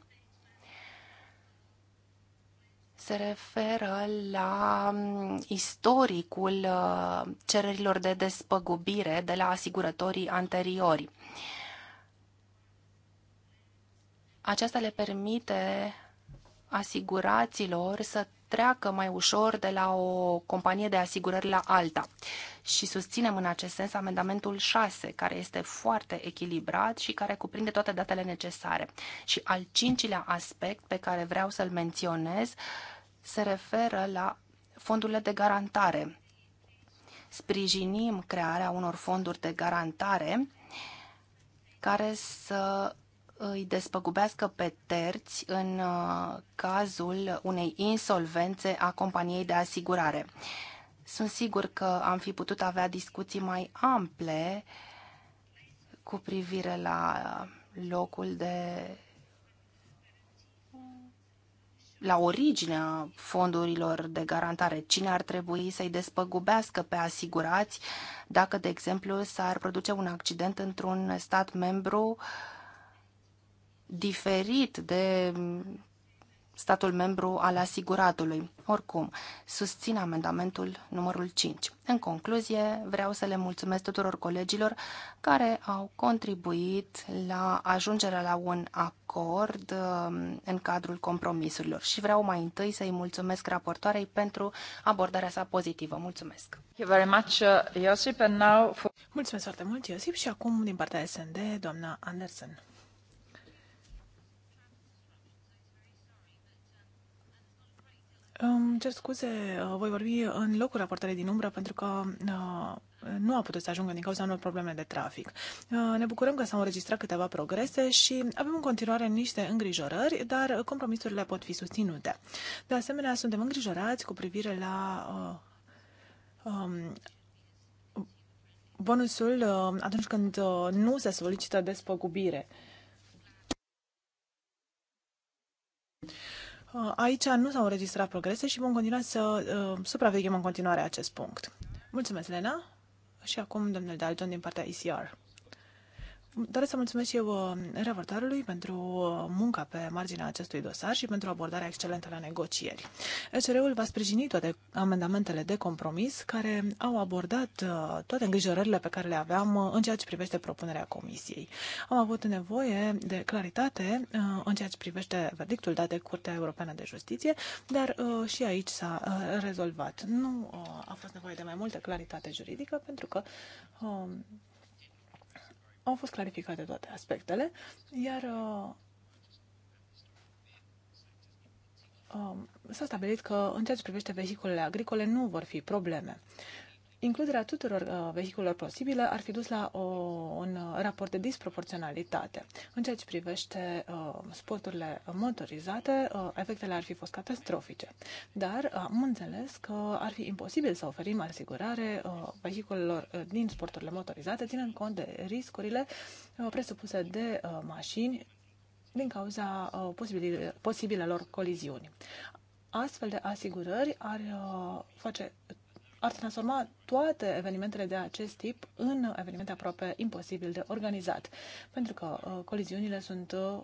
se referă la mm, istoricul uh, cererilor de despăgubire de la asigurătorii anteriori. Aceasta le permite asiguraților să treacă mai ușor de la o companie de asigurări la alta. Și susținem în acest sens amendamentul 6, care este foarte echilibrat și care cuprinde toate datele necesare. Și al cincilea aspect pe care vreau să-l menționez se referă la fondurile de garantare. Sprijinim crearea unor fonduri de garantare care să îi despăgubească pe terți în uh, cazul unei insolvențe a companiei de asigurare. Sunt sigur că am fi putut avea discuții mai ample cu privire la locul de la originea fondurilor de garantare, cine ar trebui să-i despăgubească pe asigurați dacă, de exemplu, s-ar produce un accident într-un stat membru uh, diferit de statul membru al asiguratului. Oricum, susțin amendamentul numărul 5. În concluzie, vreau să le mulțumesc tuturor colegilor care au contribuit la ajungerea la un acord um, în cadrul compromisurilor și vreau mai întâi să-i mulțumesc raportoarei pentru abordarea sa pozitivă. Mulțumesc! Uh, mulțumesc foarte mult, Iosip, și acum din partea SND, doamna Andersen. Îmi cer scuze, uh, voi vorbi în locul raportării din umbră pentru că uh, nu a putut să ajungă din cauza unor probleme de trafic. Uh, ne bucurăm că s-au înregistrat câteva progrese și avem în continuare niște îngrijorări, dar compromisurile pot fi susținute. De asemenea, suntem îngrijorați cu privire la um, bonusul atunci când nu se solicită despăgubire. Uh, aici nu s-au înregistrat progrese și vom continua să uh, supraveghem în continuare acest punct. Mulțumesc, Lena! Și acum, domnul Dalton, din partea ICR. Doresc să mulțumesc și eu uh, raportarului pentru uh, munca pe marginea acestui dosar și pentru abordarea excelentă la negocieri. sre ul va sprijini toate amendamentele de compromis care au abordat uh, toate îngrijorările pe care le aveam în ceea ce privește propunerea comisiei. Am avut nevoie de claritate în ceea ce privește verdictul dat de Curtea Europeană de Justiție, dar și aici s-a rezolvat. Nu a fost nevoie de mai multă claritate juridică pentru că au fost clarificate toate aspectele, iar uh, um, s-a stabilit că în ceea ce privește vehiculele agricole nu vor fi probleme includerea tuturor uh, vehiculelor posibile ar fi dus la o, un uh, raport de disproporționalitate. În ceea ce privește uh, sporturile motorizate, uh, efectele ar fi fost catastrofice. Dar uh, am înțeles că ar fi imposibil să oferim asigurare uh, vehiculelor uh, din sporturile motorizate, ținând cont de riscurile uh, presupuse de uh, mașini din cauza uh, posibil, posibilelor coliziuni. Astfel de asigurări ar uh, face ar transforma toate evenimentele de acest tip în evenimente aproape imposibil de organizat, pentru că uh, coliziunile sunt uh,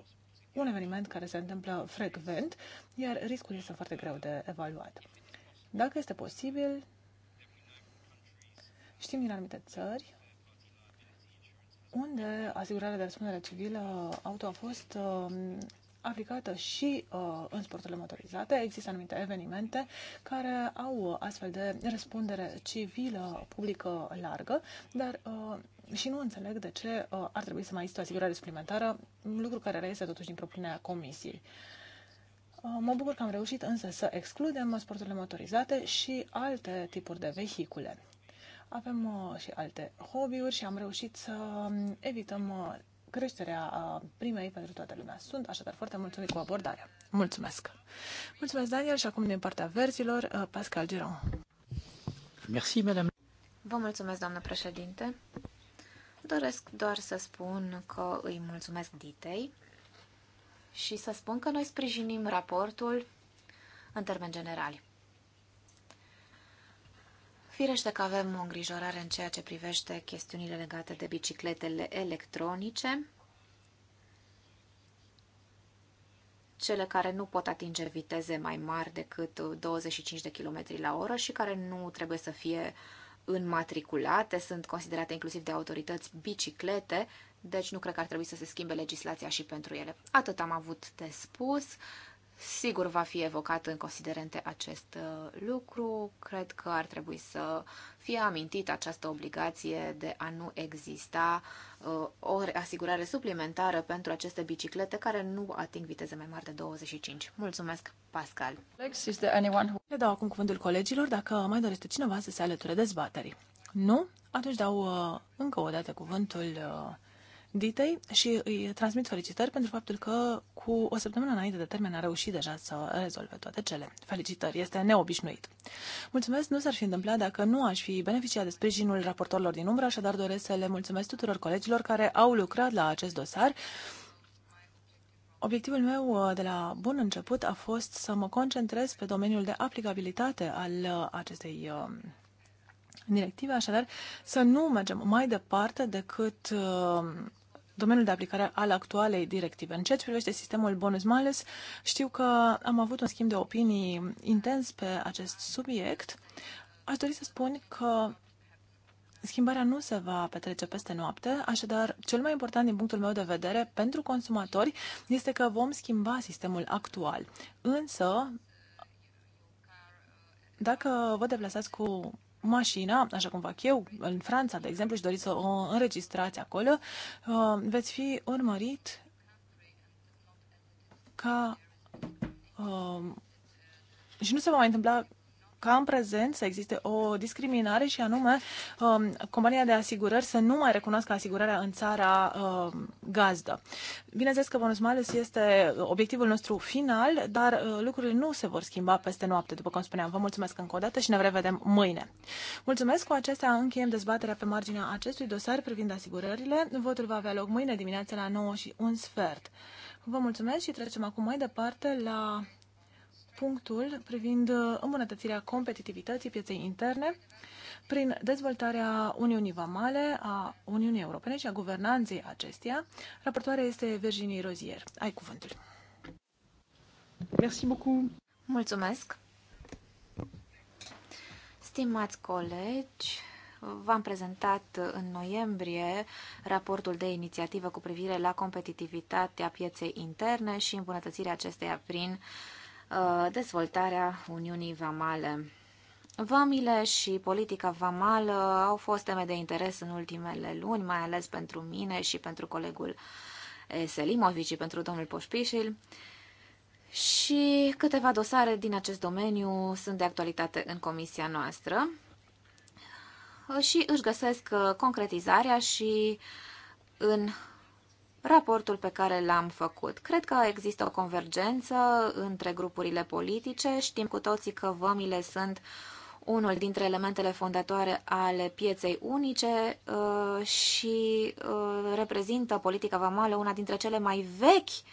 un eveniment care se întâmplă frecvent, iar riscul este foarte greu de evaluat. Dacă este posibil, știm din anumite țări unde asigurarea de răspundere civilă auto a fost uh, aplicată și uh, în sporturile motorizate. Există anumite evenimente care au astfel de răspundere civilă publică largă, dar uh, și nu înțeleg de ce uh, ar trebui să mai există o asigurare suplimentară, lucru care reiese totuși din propunerea comisiei. Uh, mă bucur că am reușit însă să excludem sporturile motorizate și alte tipuri de vehicule. Avem uh, și alte hobby-uri și am reușit să um, evităm uh, creșterea primei pentru toată lumea. Sunt așadar foarte mulțumit cu abordarea. Mulțumesc! Mulțumesc, Daniel, și acum din partea verzilor, Pascal Giron. Merci, madame. Vă mulțumesc, doamnă președinte. Doresc doar să spun că îi mulțumesc Ditei și să spun că noi sprijinim raportul în termeni generali. Firește că avem o îngrijorare în ceea ce privește chestiunile legate de bicicletele electronice, cele care nu pot atinge viteze mai mari decât 25 de km la oră și care nu trebuie să fie înmatriculate, sunt considerate inclusiv de autorități biciclete, deci nu cred că ar trebui să se schimbe legislația și pentru ele. Atât am avut de spus. Sigur va fi evocat în considerente acest uh, lucru. Cred că ar trebui să fie amintit această obligație de a nu exista uh, o asigurare suplimentară pentru aceste biciclete care nu ating viteze mai mari de 25. Mulțumesc, Pascal. Le dau acum cuvântul colegilor dacă mai dorește cineva să se alăture dezbaterii. Nu? Atunci dau uh, încă o dată cuvântul uh, Ditei și îi transmit felicitări pentru faptul că cu o săptămână înainte de termen a reușit deja să rezolve toate cele. Felicitări, este neobișnuit. Mulțumesc, nu s-ar fi întâmplat dacă nu aș fi beneficiat de sprijinul raportorilor din umbră, așadar doresc să le mulțumesc tuturor colegilor care au lucrat la acest dosar. Obiectivul meu uh, de la bun început a fost să mă concentrez pe domeniul de aplicabilitate al uh, acestei uh, directive, așadar să nu mergem mai departe decât domeniul de aplicare al actualei directive. În ceea ce privește sistemul bonus-malus, știu că am avut un schimb de opinii intens pe acest subiect. Aș dori să spun că schimbarea nu se va petrece peste noapte, așadar cel mai important din punctul meu de vedere pentru consumatori este că vom schimba sistemul actual. Însă, dacă vă deplasați cu mașina, așa cum fac eu, în Franța, de exemplu, și doriți să o înregistrați acolo, uh, veți fi urmărit ca uh, și nu se va mai întâmpla ca în prezent să existe o discriminare și anume um, compania de asigurări să nu mai recunoască asigurarea în țara um, gazdă. Bineînțeles că bonus malus este obiectivul nostru final, dar uh, lucrurile nu se vor schimba peste noapte, după cum spuneam. Vă mulțumesc încă o dată și ne revedem mâine. Mulțumesc, cu acestea încheiem dezbaterea pe marginea acestui dosar privind asigurările. Votul va avea loc mâine dimineața la 9 și un sfert. Vă mulțumesc și trecem acum mai departe la punctul privind uh, îmbunătățirea competitivității pieței interne prin dezvoltarea Uniunii Vamale, a Uniunii Europene și a guvernanței acesteia. Raportoarea este Virginie Rozier. Ai cuvântul. Merci beaucoup. Mulțumesc. Stimați colegi, V-am prezentat în noiembrie raportul de inițiativă cu privire la competitivitatea pieței interne și îmbunătățirea acesteia prin Uh, dezvoltarea Uniunii Vamale. Vămile și politica vamală au fost teme de interes în ultimele luni, mai ales pentru mine și pentru colegul Selimovic și pentru domnul Poșpișil. Și câteva dosare din acest domeniu sunt de actualitate în comisia noastră și își găsesc uh, concretizarea și în raportul pe care l-am făcut. Cred că există o convergență între grupurile politice. Știm cu toții că vămile sunt unul dintre elementele fondatoare ale pieței unice uh, și uh, reprezintă politica vamală una dintre cele mai vechi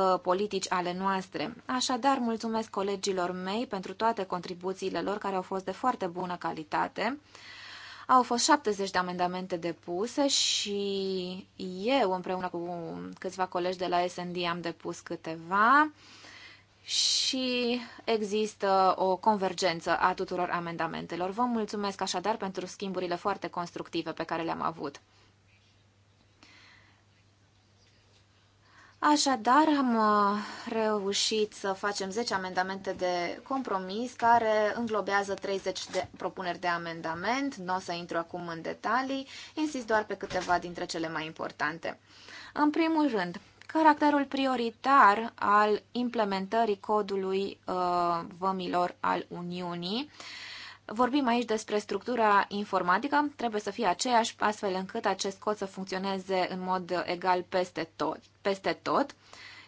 uh, politici ale noastre. Așadar, mulțumesc colegilor mei pentru toate contribuțiile lor care au fost de foarte bună calitate. Au fost 70 de amendamente depuse și eu împreună cu câțiva colegi de la SND am depus câteva și există o convergență a tuturor amendamentelor. Vă mulțumesc așadar pentru schimburile foarte constructive pe care le-am avut. Așadar, am uh, reușit să facem 10 amendamente de compromis care înglobează 30 de propuneri de amendament. Nu o să intru acum în detalii, insist doar pe câteva dintre cele mai importante. În primul rând, caracterul prioritar al implementării codului uh, vămilor al Uniunii. Uh, Vorbim aici despre structura informatică, trebuie să fie aceeași astfel încât acest cod să funcționeze în mod egal peste tot, peste tot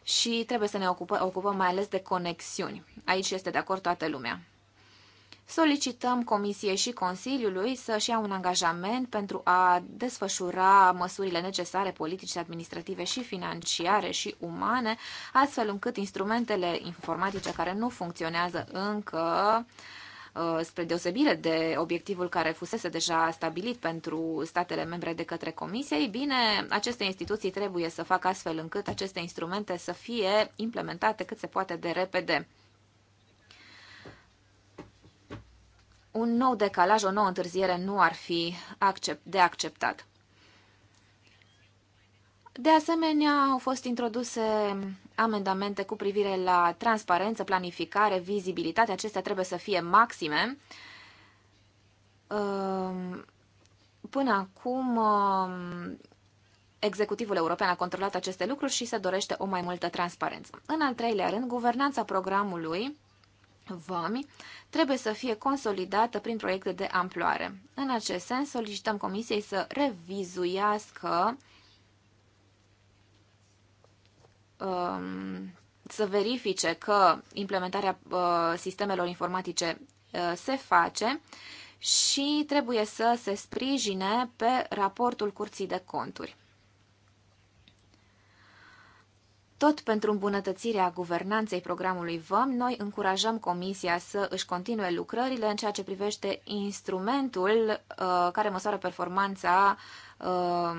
și trebuie să ne ocupăm, ocupăm mai ales de conexiuni. Aici este de acord toată lumea. Solicităm Comisiei și Consiliului să-și ia un angajament pentru a desfășura măsurile necesare politice, administrative și financiare și umane, astfel încât instrumentele informatice care nu funcționează încă uh, Uh, spre deosebire de obiectivul care fusese deja stabilit pentru statele membre de către Comisie, ei bine, aceste instituții trebuie să facă astfel încât aceste instrumente să fie implementate cât se poate de repede. Un nou decalaj, o nouă întârziere nu ar fi accept, de acceptat. De asemenea, au fost introduse amendamente cu privire la transparență, planificare, vizibilitate. Acestea trebuie să fie maxime. Ehm, până acum, ehm, executivul european a controlat aceste lucruri și se dorește o mai multă transparență. În al treilea rând, guvernanța programului VAMI trebuie să fie consolidată prin proiecte de amploare. În acest sens, solicităm Comisiei să revizuiască Um, să verifice că implementarea uh, sistemelor informatice uh, se face și trebuie să se sprijine pe raportul Curții de Conturi. Tot pentru îmbunătățirea guvernanței programului VAM, noi încurajăm Comisia să își continue lucrările în ceea ce privește instrumentul uh, care măsoară performanța uh,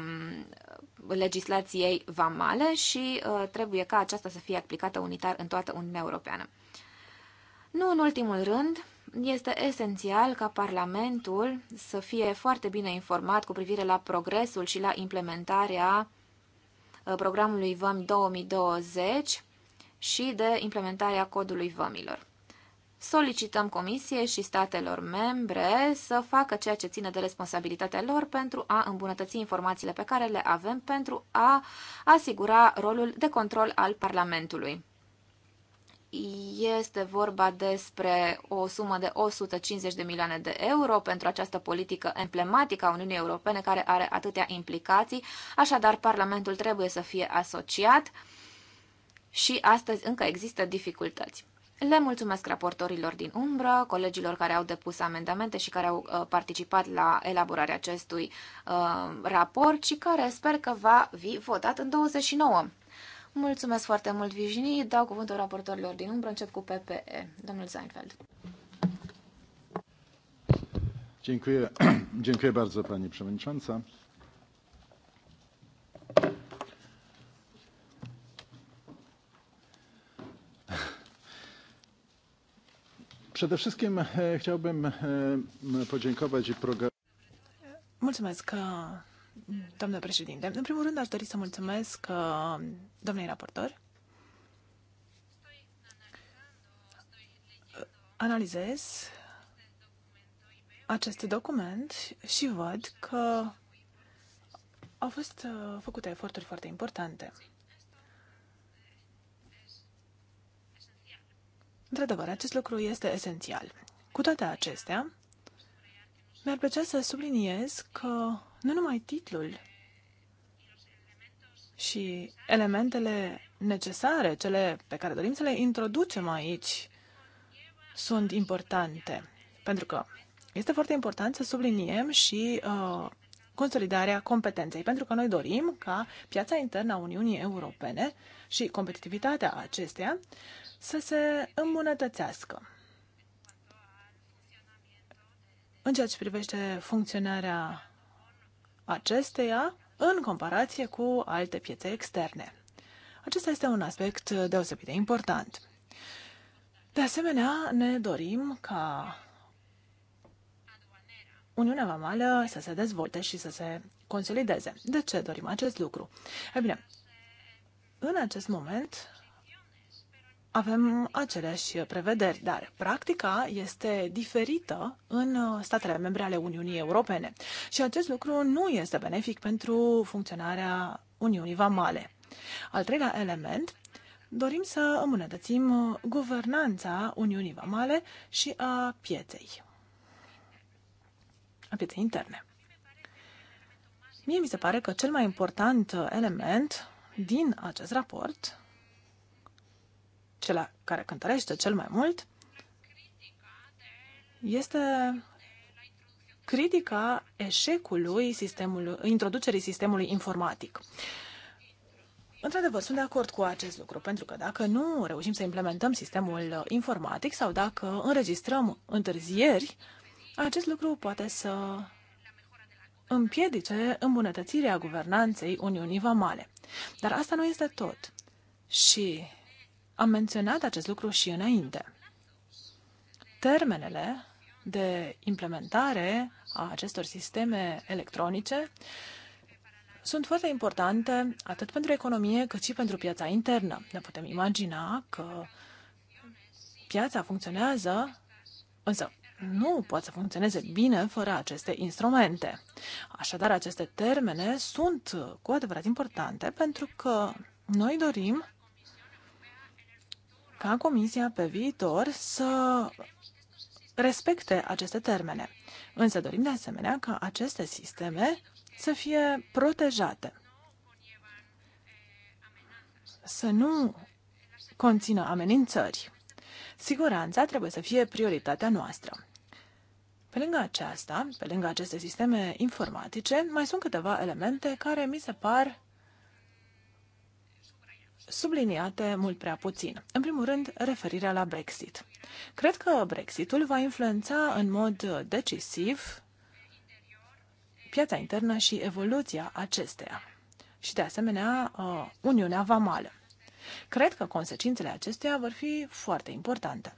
legislației vamale și uh, trebuie ca aceasta să fie aplicată unitar în toată Uniunea Europeană. Nu în ultimul rând, este esențial ca Parlamentul să fie foarte bine informat cu privire la progresul și la implementarea uh, programului VAM 2020 și de implementarea codului vămilor solicităm Comisiei și statelor membre să facă ceea ce ține de responsabilitatea lor pentru a îmbunătăți informațiile pe care le avem pentru a asigura rolul de control al Parlamentului. Este vorba despre o sumă de 150 de milioane de euro pentru această politică emblematică a Uniunii Europene care are atâtea implicații, așadar Parlamentul trebuie să fie asociat și astăzi încă există dificultăți. Le mulțumesc raportorilor din umbră, colegilor care au depus amendamente și care au uh, participat la elaborarea acestui uh, raport și care sper că va fi votat în 29. Mulțumesc foarte mult, Virginie. Dau cuvântul raportorilor din umbră. Încep cu PPE. Domnul Seinfeld. Dziękuję, dziękuję bardzo Pani Przewodnicząca. Przede wszystkim chciałbym podziękować i Mulțumesc, doamnă președinte. În primul rând, aș dori să mulțumesc domnului raportor. Analizez acest document și văd că au fost făcute eforturi foarte importante. Într-adevăr, acest lucru este esențial. Cu toate acestea, mi-ar plăcea să subliniez că nu numai titlul și elementele necesare, cele pe care dorim să le introducem aici, sunt importante. Pentru că este foarte important să subliniem și uh, consolidarea competenței, pentru că noi dorim ca piața internă a Uniunii Europene și competitivitatea acesteia să se îmbunătățească. În ceea ce privește funcționarea acesteia, în comparație cu alte piețe externe. Acesta este un aspect deosebit de important. De asemenea, ne dorim ca Uniunea Vamală să se dezvolte și să se consolideze. De ce dorim acest lucru? E bine, în acest moment avem aceleași prevederi, dar practica este diferită în statele membre ale Uniunii Europene și acest lucru nu este benefic pentru funcționarea Uniunii Vamale. Al treilea element, dorim să îmbunătățim guvernanța Uniunii Vamale și a pieței, a pieței interne. Mie mi se pare că cel mai important element din acest raport cela care cântărește cel mai mult este critica eșecului sistemului, introducerii sistemului informatic. Într-adevăr, sunt de acord cu acest lucru, pentru că dacă nu reușim să implementăm sistemul informatic sau dacă înregistrăm întârzieri, acest lucru poate să împiedice îmbunătățirea guvernanței Uniunii Vamale. Dar asta nu este tot. Și am menționat acest lucru și înainte. Termenele de implementare a acestor sisteme electronice sunt foarte importante atât pentru economie cât și pentru piața internă. Ne putem imagina că piața funcționează, însă nu poate să funcționeze bine fără aceste instrumente. Așadar, aceste termene sunt cu adevărat importante pentru că noi dorim ca Comisia pe viitor să respecte aceste termene. Însă dorim de asemenea ca aceste sisteme să fie protejate, să nu conțină amenințări. Siguranța trebuie să fie prioritatea noastră. Pe lângă aceasta, pe lângă aceste sisteme informatice, mai sunt câteva elemente care mi se par subliniate mult prea puțin. În primul rând, referirea la Brexit. Cred că Brexitul va influența în mod decisiv piața internă și evoluția acesteia și, de asemenea, uh, Uniunea Vamală. Cred că consecințele acesteia vor fi foarte importante.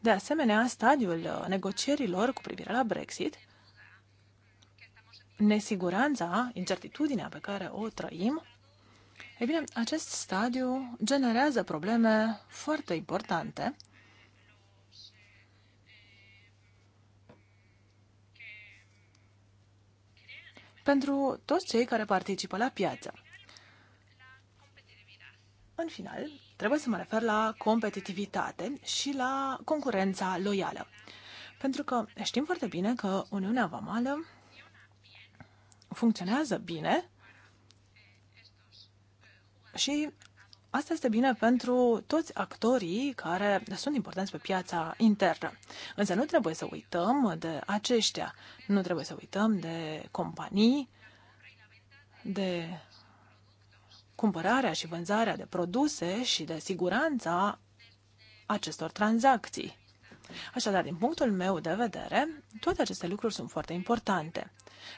De asemenea, stadiul uh, negocierilor cu privire la Brexit nesiguranța, incertitudinea pe care o trăim, e bine, acest stadiu generează probleme foarte importante pentru toți cei care participă la piață. În final, trebuie să mă refer la competitivitate și la concurența loială. Pentru că știm foarte bine că Uniunea Vamală funcționează bine și Asta este bine pentru toți actorii care sunt importanți pe piața internă. Însă nu trebuie să uităm de aceștia. Nu trebuie să uităm de companii, de cumpărarea și vânzarea de produse și de siguranța acestor tranzacții. Așadar, din punctul meu de vedere, toate aceste lucruri sunt foarte importante.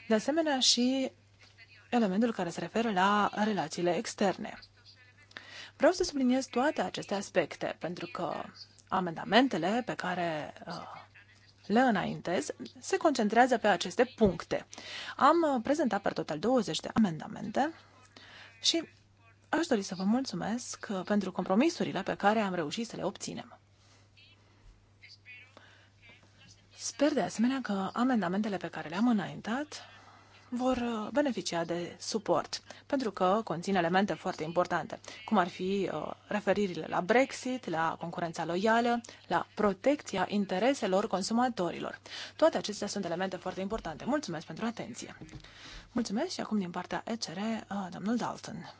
De asemenea, și elementul care se referă la relațiile externe. Vreau să subliniez toate aceste aspecte, pentru că amendamentele pe care uh, le înaintez se concentrează pe aceste puncte. Am uh, prezentat pe total 20 de amendamente și aș dori să vă mulțumesc uh, pentru compromisurile pe care am reușit să le obținem. Sper de asemenea că amendamentele pe care le-am înaintat vor uh, beneficia de suport, pentru că conțin elemente foarte importante, cum ar fi uh, referirile la Brexit, la concurența loială, la protecția intereselor consumatorilor. Toate acestea sunt elemente foarte importante. Mulțumesc pentru atenție! Mulțumesc și acum din partea ECR, uh, domnul Dalton.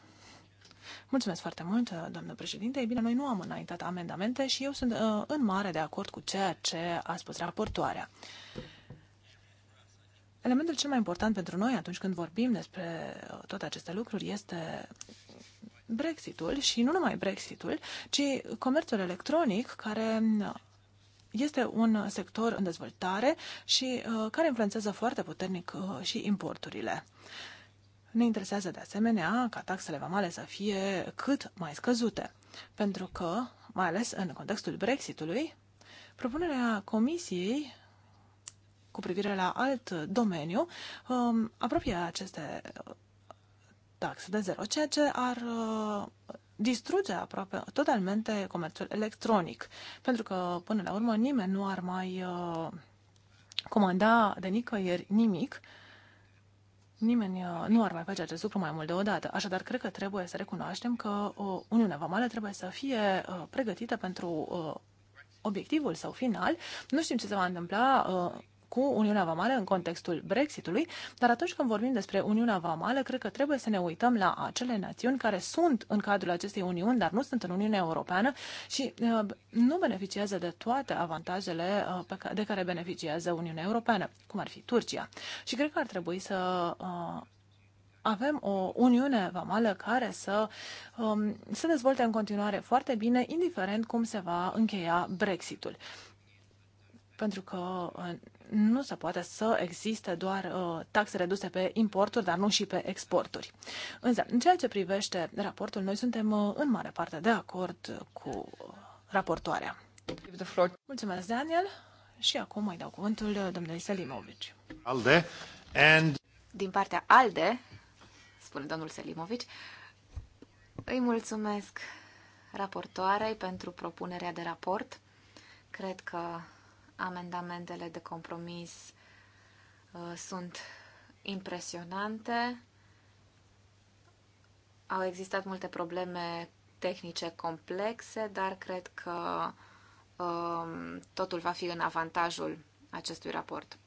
Mulțumesc foarte mult, uh, doamnă președinte. Ei bine, noi nu am înaintat amendamente și eu sunt uh, în mare de acord cu ceea ce a spus raportoarea. Elementul cel mai important pentru noi atunci când vorbim despre uh, toate aceste lucruri este Brexitul și nu numai Brexitul, ci comerțul electronic care uh, este un sector în dezvoltare și care influențează foarte puternic și importurile. Ne interesează de asemenea ca taxele vamale să fie cât mai scăzute, pentru că, mai ales în contextul Brexitului, propunerea Comisiei cu privire la alt domeniu um, apropie aceste taxe de zero, ceea ce ar uh, distruge aproape totalmente comerțul electronic, pentru că până la urmă nimeni nu ar mai uh, comanda de nicăieri nimic nimeni uh, nu ar mai face acest lucru mai mult de dată. Așadar, cred că trebuie să recunoaștem că uh, Uniunea Vamală trebuie să fie uh, pregătită pentru obiectivul sau final. Nu știm ce se va întâmpla cu Uniunea Vamală în contextul Brexitului, dar atunci când vorbim despre Uniunea Vamală, cred că trebuie să ne uităm la acele națiuni care sunt în cadrul acestei Uniuni, dar nu sunt în Uniunea Europeană și uh, nu beneficiază de toate avantajele uh, de care beneficiază Uniunea Europeană, cum ar fi Turcia. Și cred că ar trebui să uh, avem o uniune vamală care să um, se dezvolte în continuare foarte bine, indiferent cum se va încheia Brexitul. Pentru că nu se poate să existe doar uh, taxe reduse pe importuri, dar nu și pe exporturi. Însă, în ceea ce privește raportul, noi suntem uh, în mare parte de acord cu raportoarea. Mulțumesc, Daniel. Și acum mai dau cuvântul uh, domnului Selimovici. Alde. And... Din partea ALDE, spune domnul Selimovici, îi mulțumesc raportoarei pentru propunerea de raport. Cred că Amendamentele de compromis uh, sunt impresionante. Au existat multe probleme tehnice complexe, dar cred că um, totul va fi în avantajul acestui raport.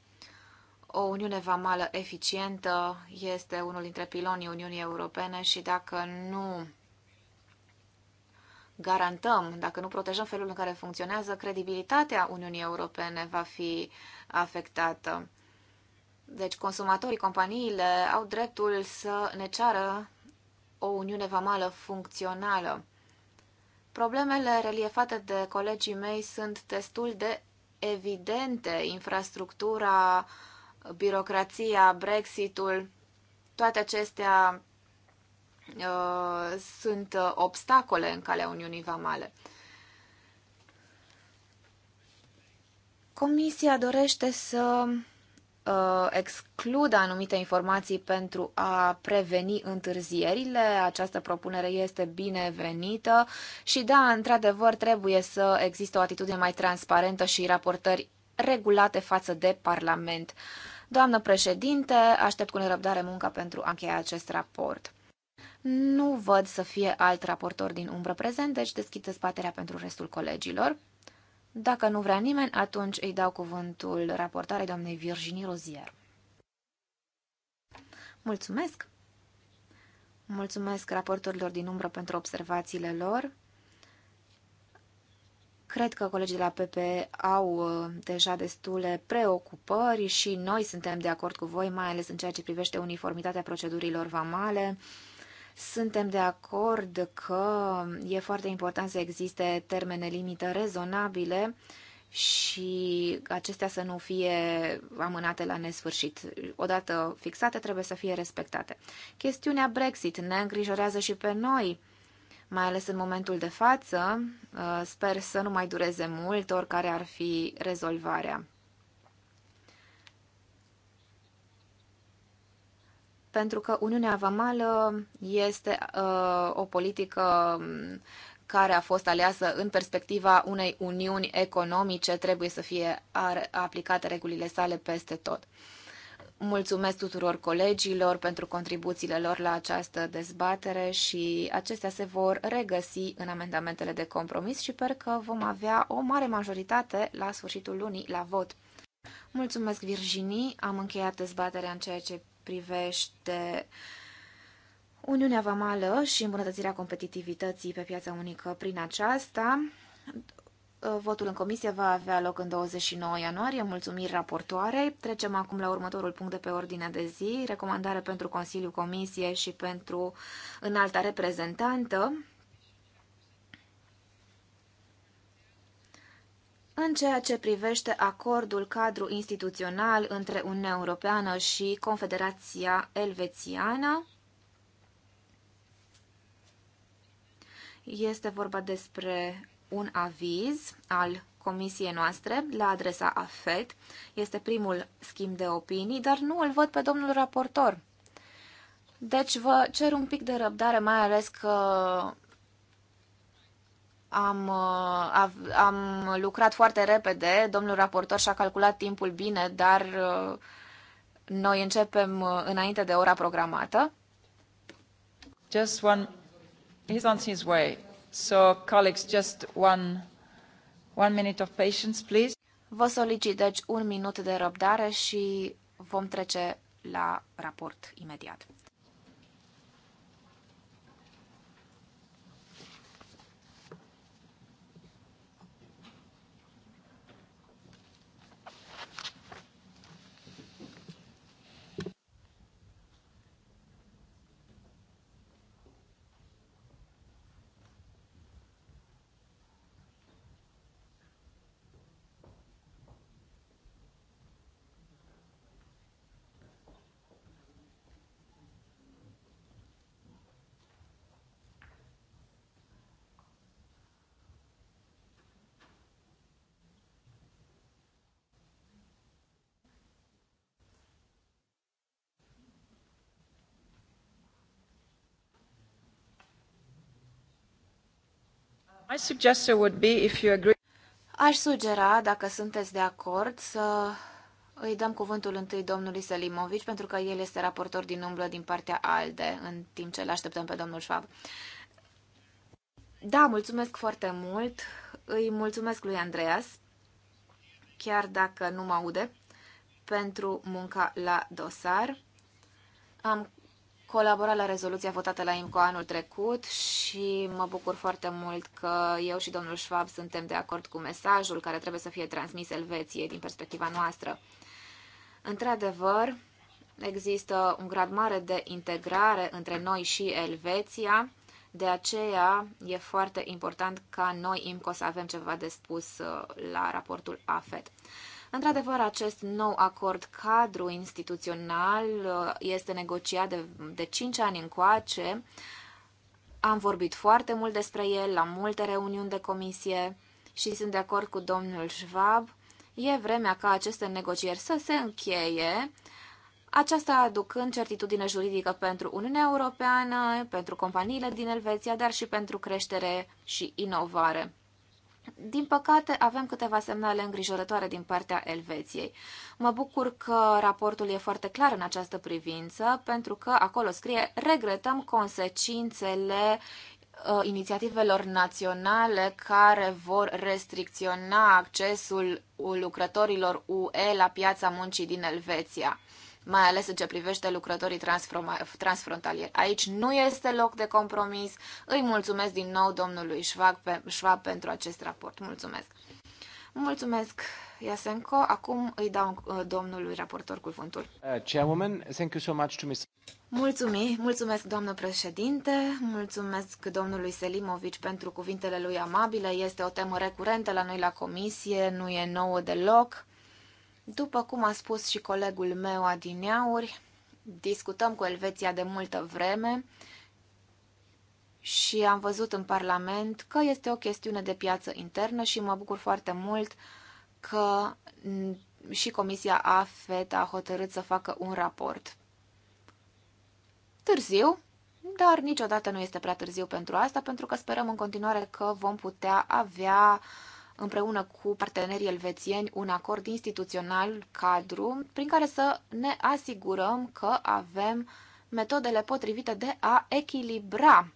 O Uniune Vamală eficientă este unul dintre pilonii Uniunii Europene și dacă nu garantăm, dacă nu protejăm felul în care funcționează, credibilitatea Uniunii Europene va fi afectată. Deci consumatorii, companiile au dreptul să ne ceară o uniune vamală funcțională. Problemele reliefate de colegii mei sunt destul de evidente. Infrastructura, birocrația, Brexitul, toate acestea Uh, sunt uh, obstacole în calea Uniunii Vamale. Comisia dorește să uh, excludă anumite informații pentru a preveni întârzierile. Această propunere este binevenită și da, într-adevăr, trebuie să existe o atitudine mai transparentă și raportări regulate față de Parlament. Doamnă președinte, aștept cu nerăbdare munca pentru a încheia acest raport. Nu văd să fie alt raportor din umbră prezent, deci deschid spaterea pentru restul colegilor. Dacă nu vrea nimeni, atunci îi dau cuvântul raportarei doamnei Virginie Rozier. Mulțumesc! Mulțumesc raportorilor din umbră pentru observațiile lor. Cred că colegii de la PP au uh, deja destule preocupări și noi suntem de acord cu voi, mai ales în ceea ce privește uniformitatea procedurilor vamale, suntem de acord că e foarte important să existe termene limită rezonabile și acestea să nu fie amânate la nesfârșit. Odată fixate, trebuie să fie respectate. Chestiunea Brexit ne îngrijorează și pe noi, mai ales în momentul de față. Uh, sper să nu mai dureze mult, oricare ar fi rezolvarea. pentru că Uniunea Vamală este uh, o politică um, care a fost aleasă în perspectiva unei uniuni economice, trebuie să fie aplicate regulile sale peste tot. Mulțumesc tuturor colegilor pentru contribuțiile lor la această dezbatere și acestea se vor regăsi în amendamentele de compromis și sper că vom avea o mare majoritate la sfârșitul lunii la vot. Mulțumesc, Virginie. Am încheiat dezbaterea în ceea ce privește Uniunea Vamală și îmbunătățirea competitivității pe piața unică prin aceasta. Votul în comisie va avea loc în 29 ianuarie. Mulțumiri raportoarei. Trecem acum la următorul punct de pe ordinea de zi, recomandare pentru Consiliul Comisie și pentru înalta reprezentantă. în ceea ce privește acordul cadru instituțional între Uniunea Europeană și Confederația Elvețiană. Este vorba despre un aviz al comisiei noastre la adresa AFET. Este primul schimb de opinii, dar nu îl văd pe domnul raportor. Deci vă cer un pic de răbdare, mai ales că am, uh, am lucrat foarte repede, domnul raportor și-a calculat timpul bine, dar uh, noi începem uh, înainte de ora programată. Just one, he's on his way. So, colleagues, just one, one minute of patience, please. Vă solicit, deci, un minut de răbdare și vom trece la raport imediat. Aș sugera, dacă sunteți de acord, să îi dăm cuvântul întâi domnului Selimovic, pentru că el este raportor din umblă din partea ALDE, în timp ce îl așteptăm pe domnul Schwab. Da, mulțumesc foarte mult. Îi mulțumesc lui Andreas, chiar dacă nu mă aude, pentru munca la dosar. Am colaborat la rezoluția votată la IMCO anul trecut și mă bucur foarte mult că eu și domnul Schwab suntem de acord cu mesajul care trebuie să fie transmis Elveției din perspectiva noastră. Într-adevăr, există un grad mare de integrare între noi și Elveția, de aceea e foarte important ca noi, IMCO, să avem ceva de spus uh, la raportul AFET. Într-adevăr, acest nou acord cadru instituțional uh, este negociat de, de 5 ani încoace. Am vorbit foarte mult despre el la multe reuniuni de comisie și sunt de acord cu domnul Schwab. E vremea ca aceste negocieri să se încheie, aceasta aducând certitudine juridică pentru Uniunea Europeană, pentru companiile din Elveția, dar și pentru creștere și inovare. Din păcate, avem câteva semnale îngrijorătoare din partea Elveției. Mă bucur că raportul e foarte clar în această privință, pentru că acolo scrie regretăm consecințele uh, inițiativelor naționale care vor restricționa accesul lucrătorilor UE la piața muncii din Elveția mai ales în ce privește lucrătorii transfrontalieri. Aici nu este loc de compromis. Îi mulțumesc din nou domnului Schwab, pe, Schwab pentru acest raport. Mulțumesc! Mulțumesc, Iasenko. Acum îi dau uh, domnului raportor cuvântul. Uh, chairwoman, thank you so much to Mr. Mulțumim, mulțumesc doamnă președinte, mulțumesc domnului Selimovic pentru cuvintele lui amabile. Este o temă recurentă la noi la comisie, nu e nouă deloc. După cum a spus și colegul meu adineauri, discutăm cu Elveția de multă vreme și am văzut în Parlament că este o chestiune de piață internă și mă bucur foarte mult că și Comisia AFET a hotărât să facă un raport. Târziu, dar niciodată nu este prea târziu pentru asta, pentru că sperăm în continuare că vom putea avea uh, împreună cu partenerii elvețieni un acord instituțional cadru prin care să ne asigurăm că avem metodele potrivite de a echilibra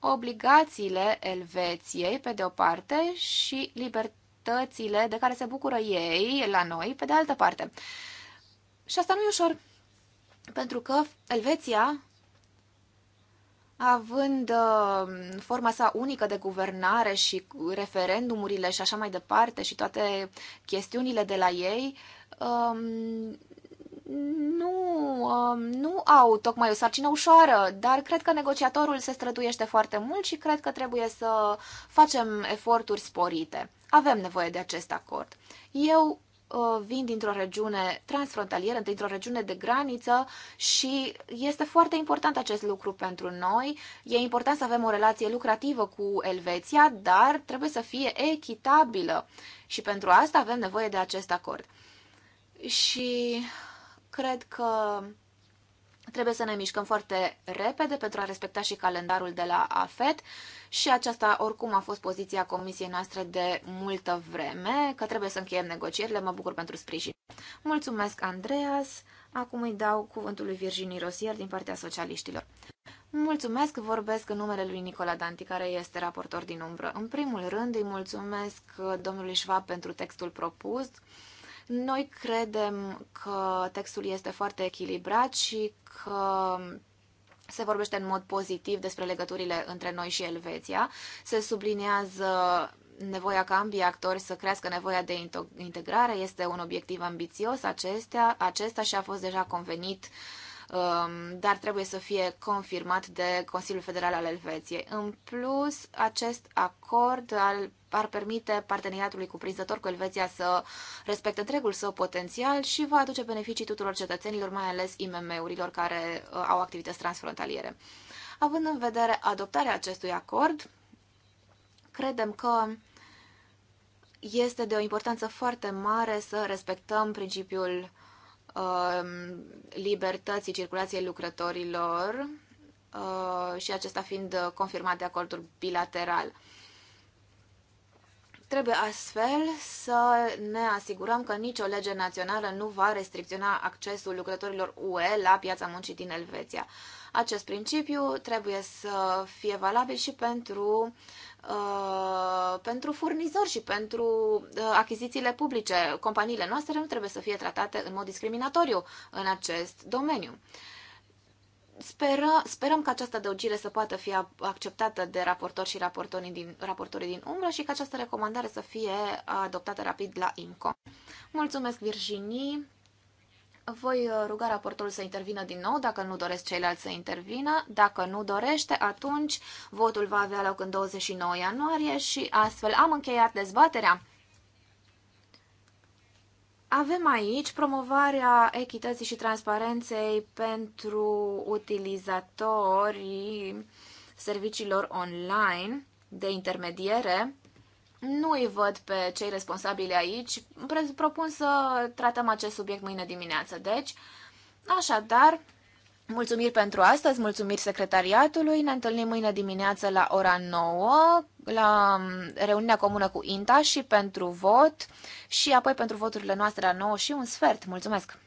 obligațiile Elveției, pe de o parte, și libertățile de care se bucură ei la noi, pe de altă parte. Și asta nu e ușor, pentru că Elveția având uh, forma sa unică de guvernare și referendumurile și așa mai departe și toate chestiunile de la ei, um, nu, um, nu au tocmai o sarcină ușoară, dar cred că negociatorul se străduiește foarte mult și cred că trebuie să facem eforturi sporite. Avem nevoie de acest acord. Eu Uh, vin dintr-o regiune transfrontalieră, dintr-o regiune de graniță și este foarte important acest lucru pentru noi. E important să avem o relație lucrativă cu Elveția, dar trebuie să fie echitabilă și pentru asta avem nevoie de acest acord. Și cred că Trebuie să ne mișcăm foarte repede pentru a respecta și calendarul de la AFET și aceasta oricum a fost poziția comisiei noastre de multă vreme, că trebuie să încheiem negocierile. Mă bucur pentru sprijin. Mulțumesc, Andreas. Acum îi dau cuvântul lui Virginie Rosier din partea socialiștilor. Mulțumesc, vorbesc în numele lui Nicola Danti, care este raportor din umbră. În primul rând, îi mulțumesc domnului Schwab pentru textul propus noi credem că textul este foarte echilibrat și că se vorbește în mod pozitiv despre legăturile între noi și Elveția. Se subliniază nevoia ca ambii actori să crească nevoia de integrare. Este un obiectiv ambițios acestea, acesta și a fost deja convenit um, dar trebuie să fie confirmat de Consiliul Federal al Elveției. În plus, acest acord al ar permite parteneriatului cuprinzător cu Elveția să respecte întregul său potențial și va aduce beneficii tuturor cetățenilor, mai ales IMM-urilor care uh, au activități transfrontaliere. Având în vedere adoptarea acestui acord, credem că este de o importanță foarte mare să respectăm principiul uh, libertății circulației lucrătorilor uh, și acesta fiind confirmat de acordul bilateral. Trebuie astfel să ne asigurăm că nicio lege națională nu va restricționa accesul lucrătorilor UE la piața muncii din Elveția. Acest principiu trebuie să fie valabil și pentru, uh, pentru furnizori și pentru uh, achizițiile publice. Companiile noastre nu trebuie să fie tratate în mod discriminatoriu în acest domeniu. Uh, Speră, sperăm că această adăugire să poată fi acceptată de raportori și raportorii din, raportorii din umbră și că această recomandare să fie adoptată rapid la IMCO. Mulțumesc, Virginie! Voi uh, ruga raportorul să intervină din nou, dacă nu doresc ceilalți să intervină. Dacă nu dorește, atunci votul va avea loc în 29 ianuarie și astfel am încheiat dezbaterea. Avem aici promovarea echității și transparenței pentru utilizatorii serviciilor online de intermediere. Nu îi văd pe cei responsabili aici. Propun să tratăm acest subiect mâine dimineață. Deci, așadar, Mulțumiri pentru astăzi, mulțumiri secretariatului. Ne întâlnim mâine dimineață la ora 9 la mm, reuniunea comună cu INTA și pentru vot și apoi pentru voturile noastre la 9 și un sfert. Mulțumesc!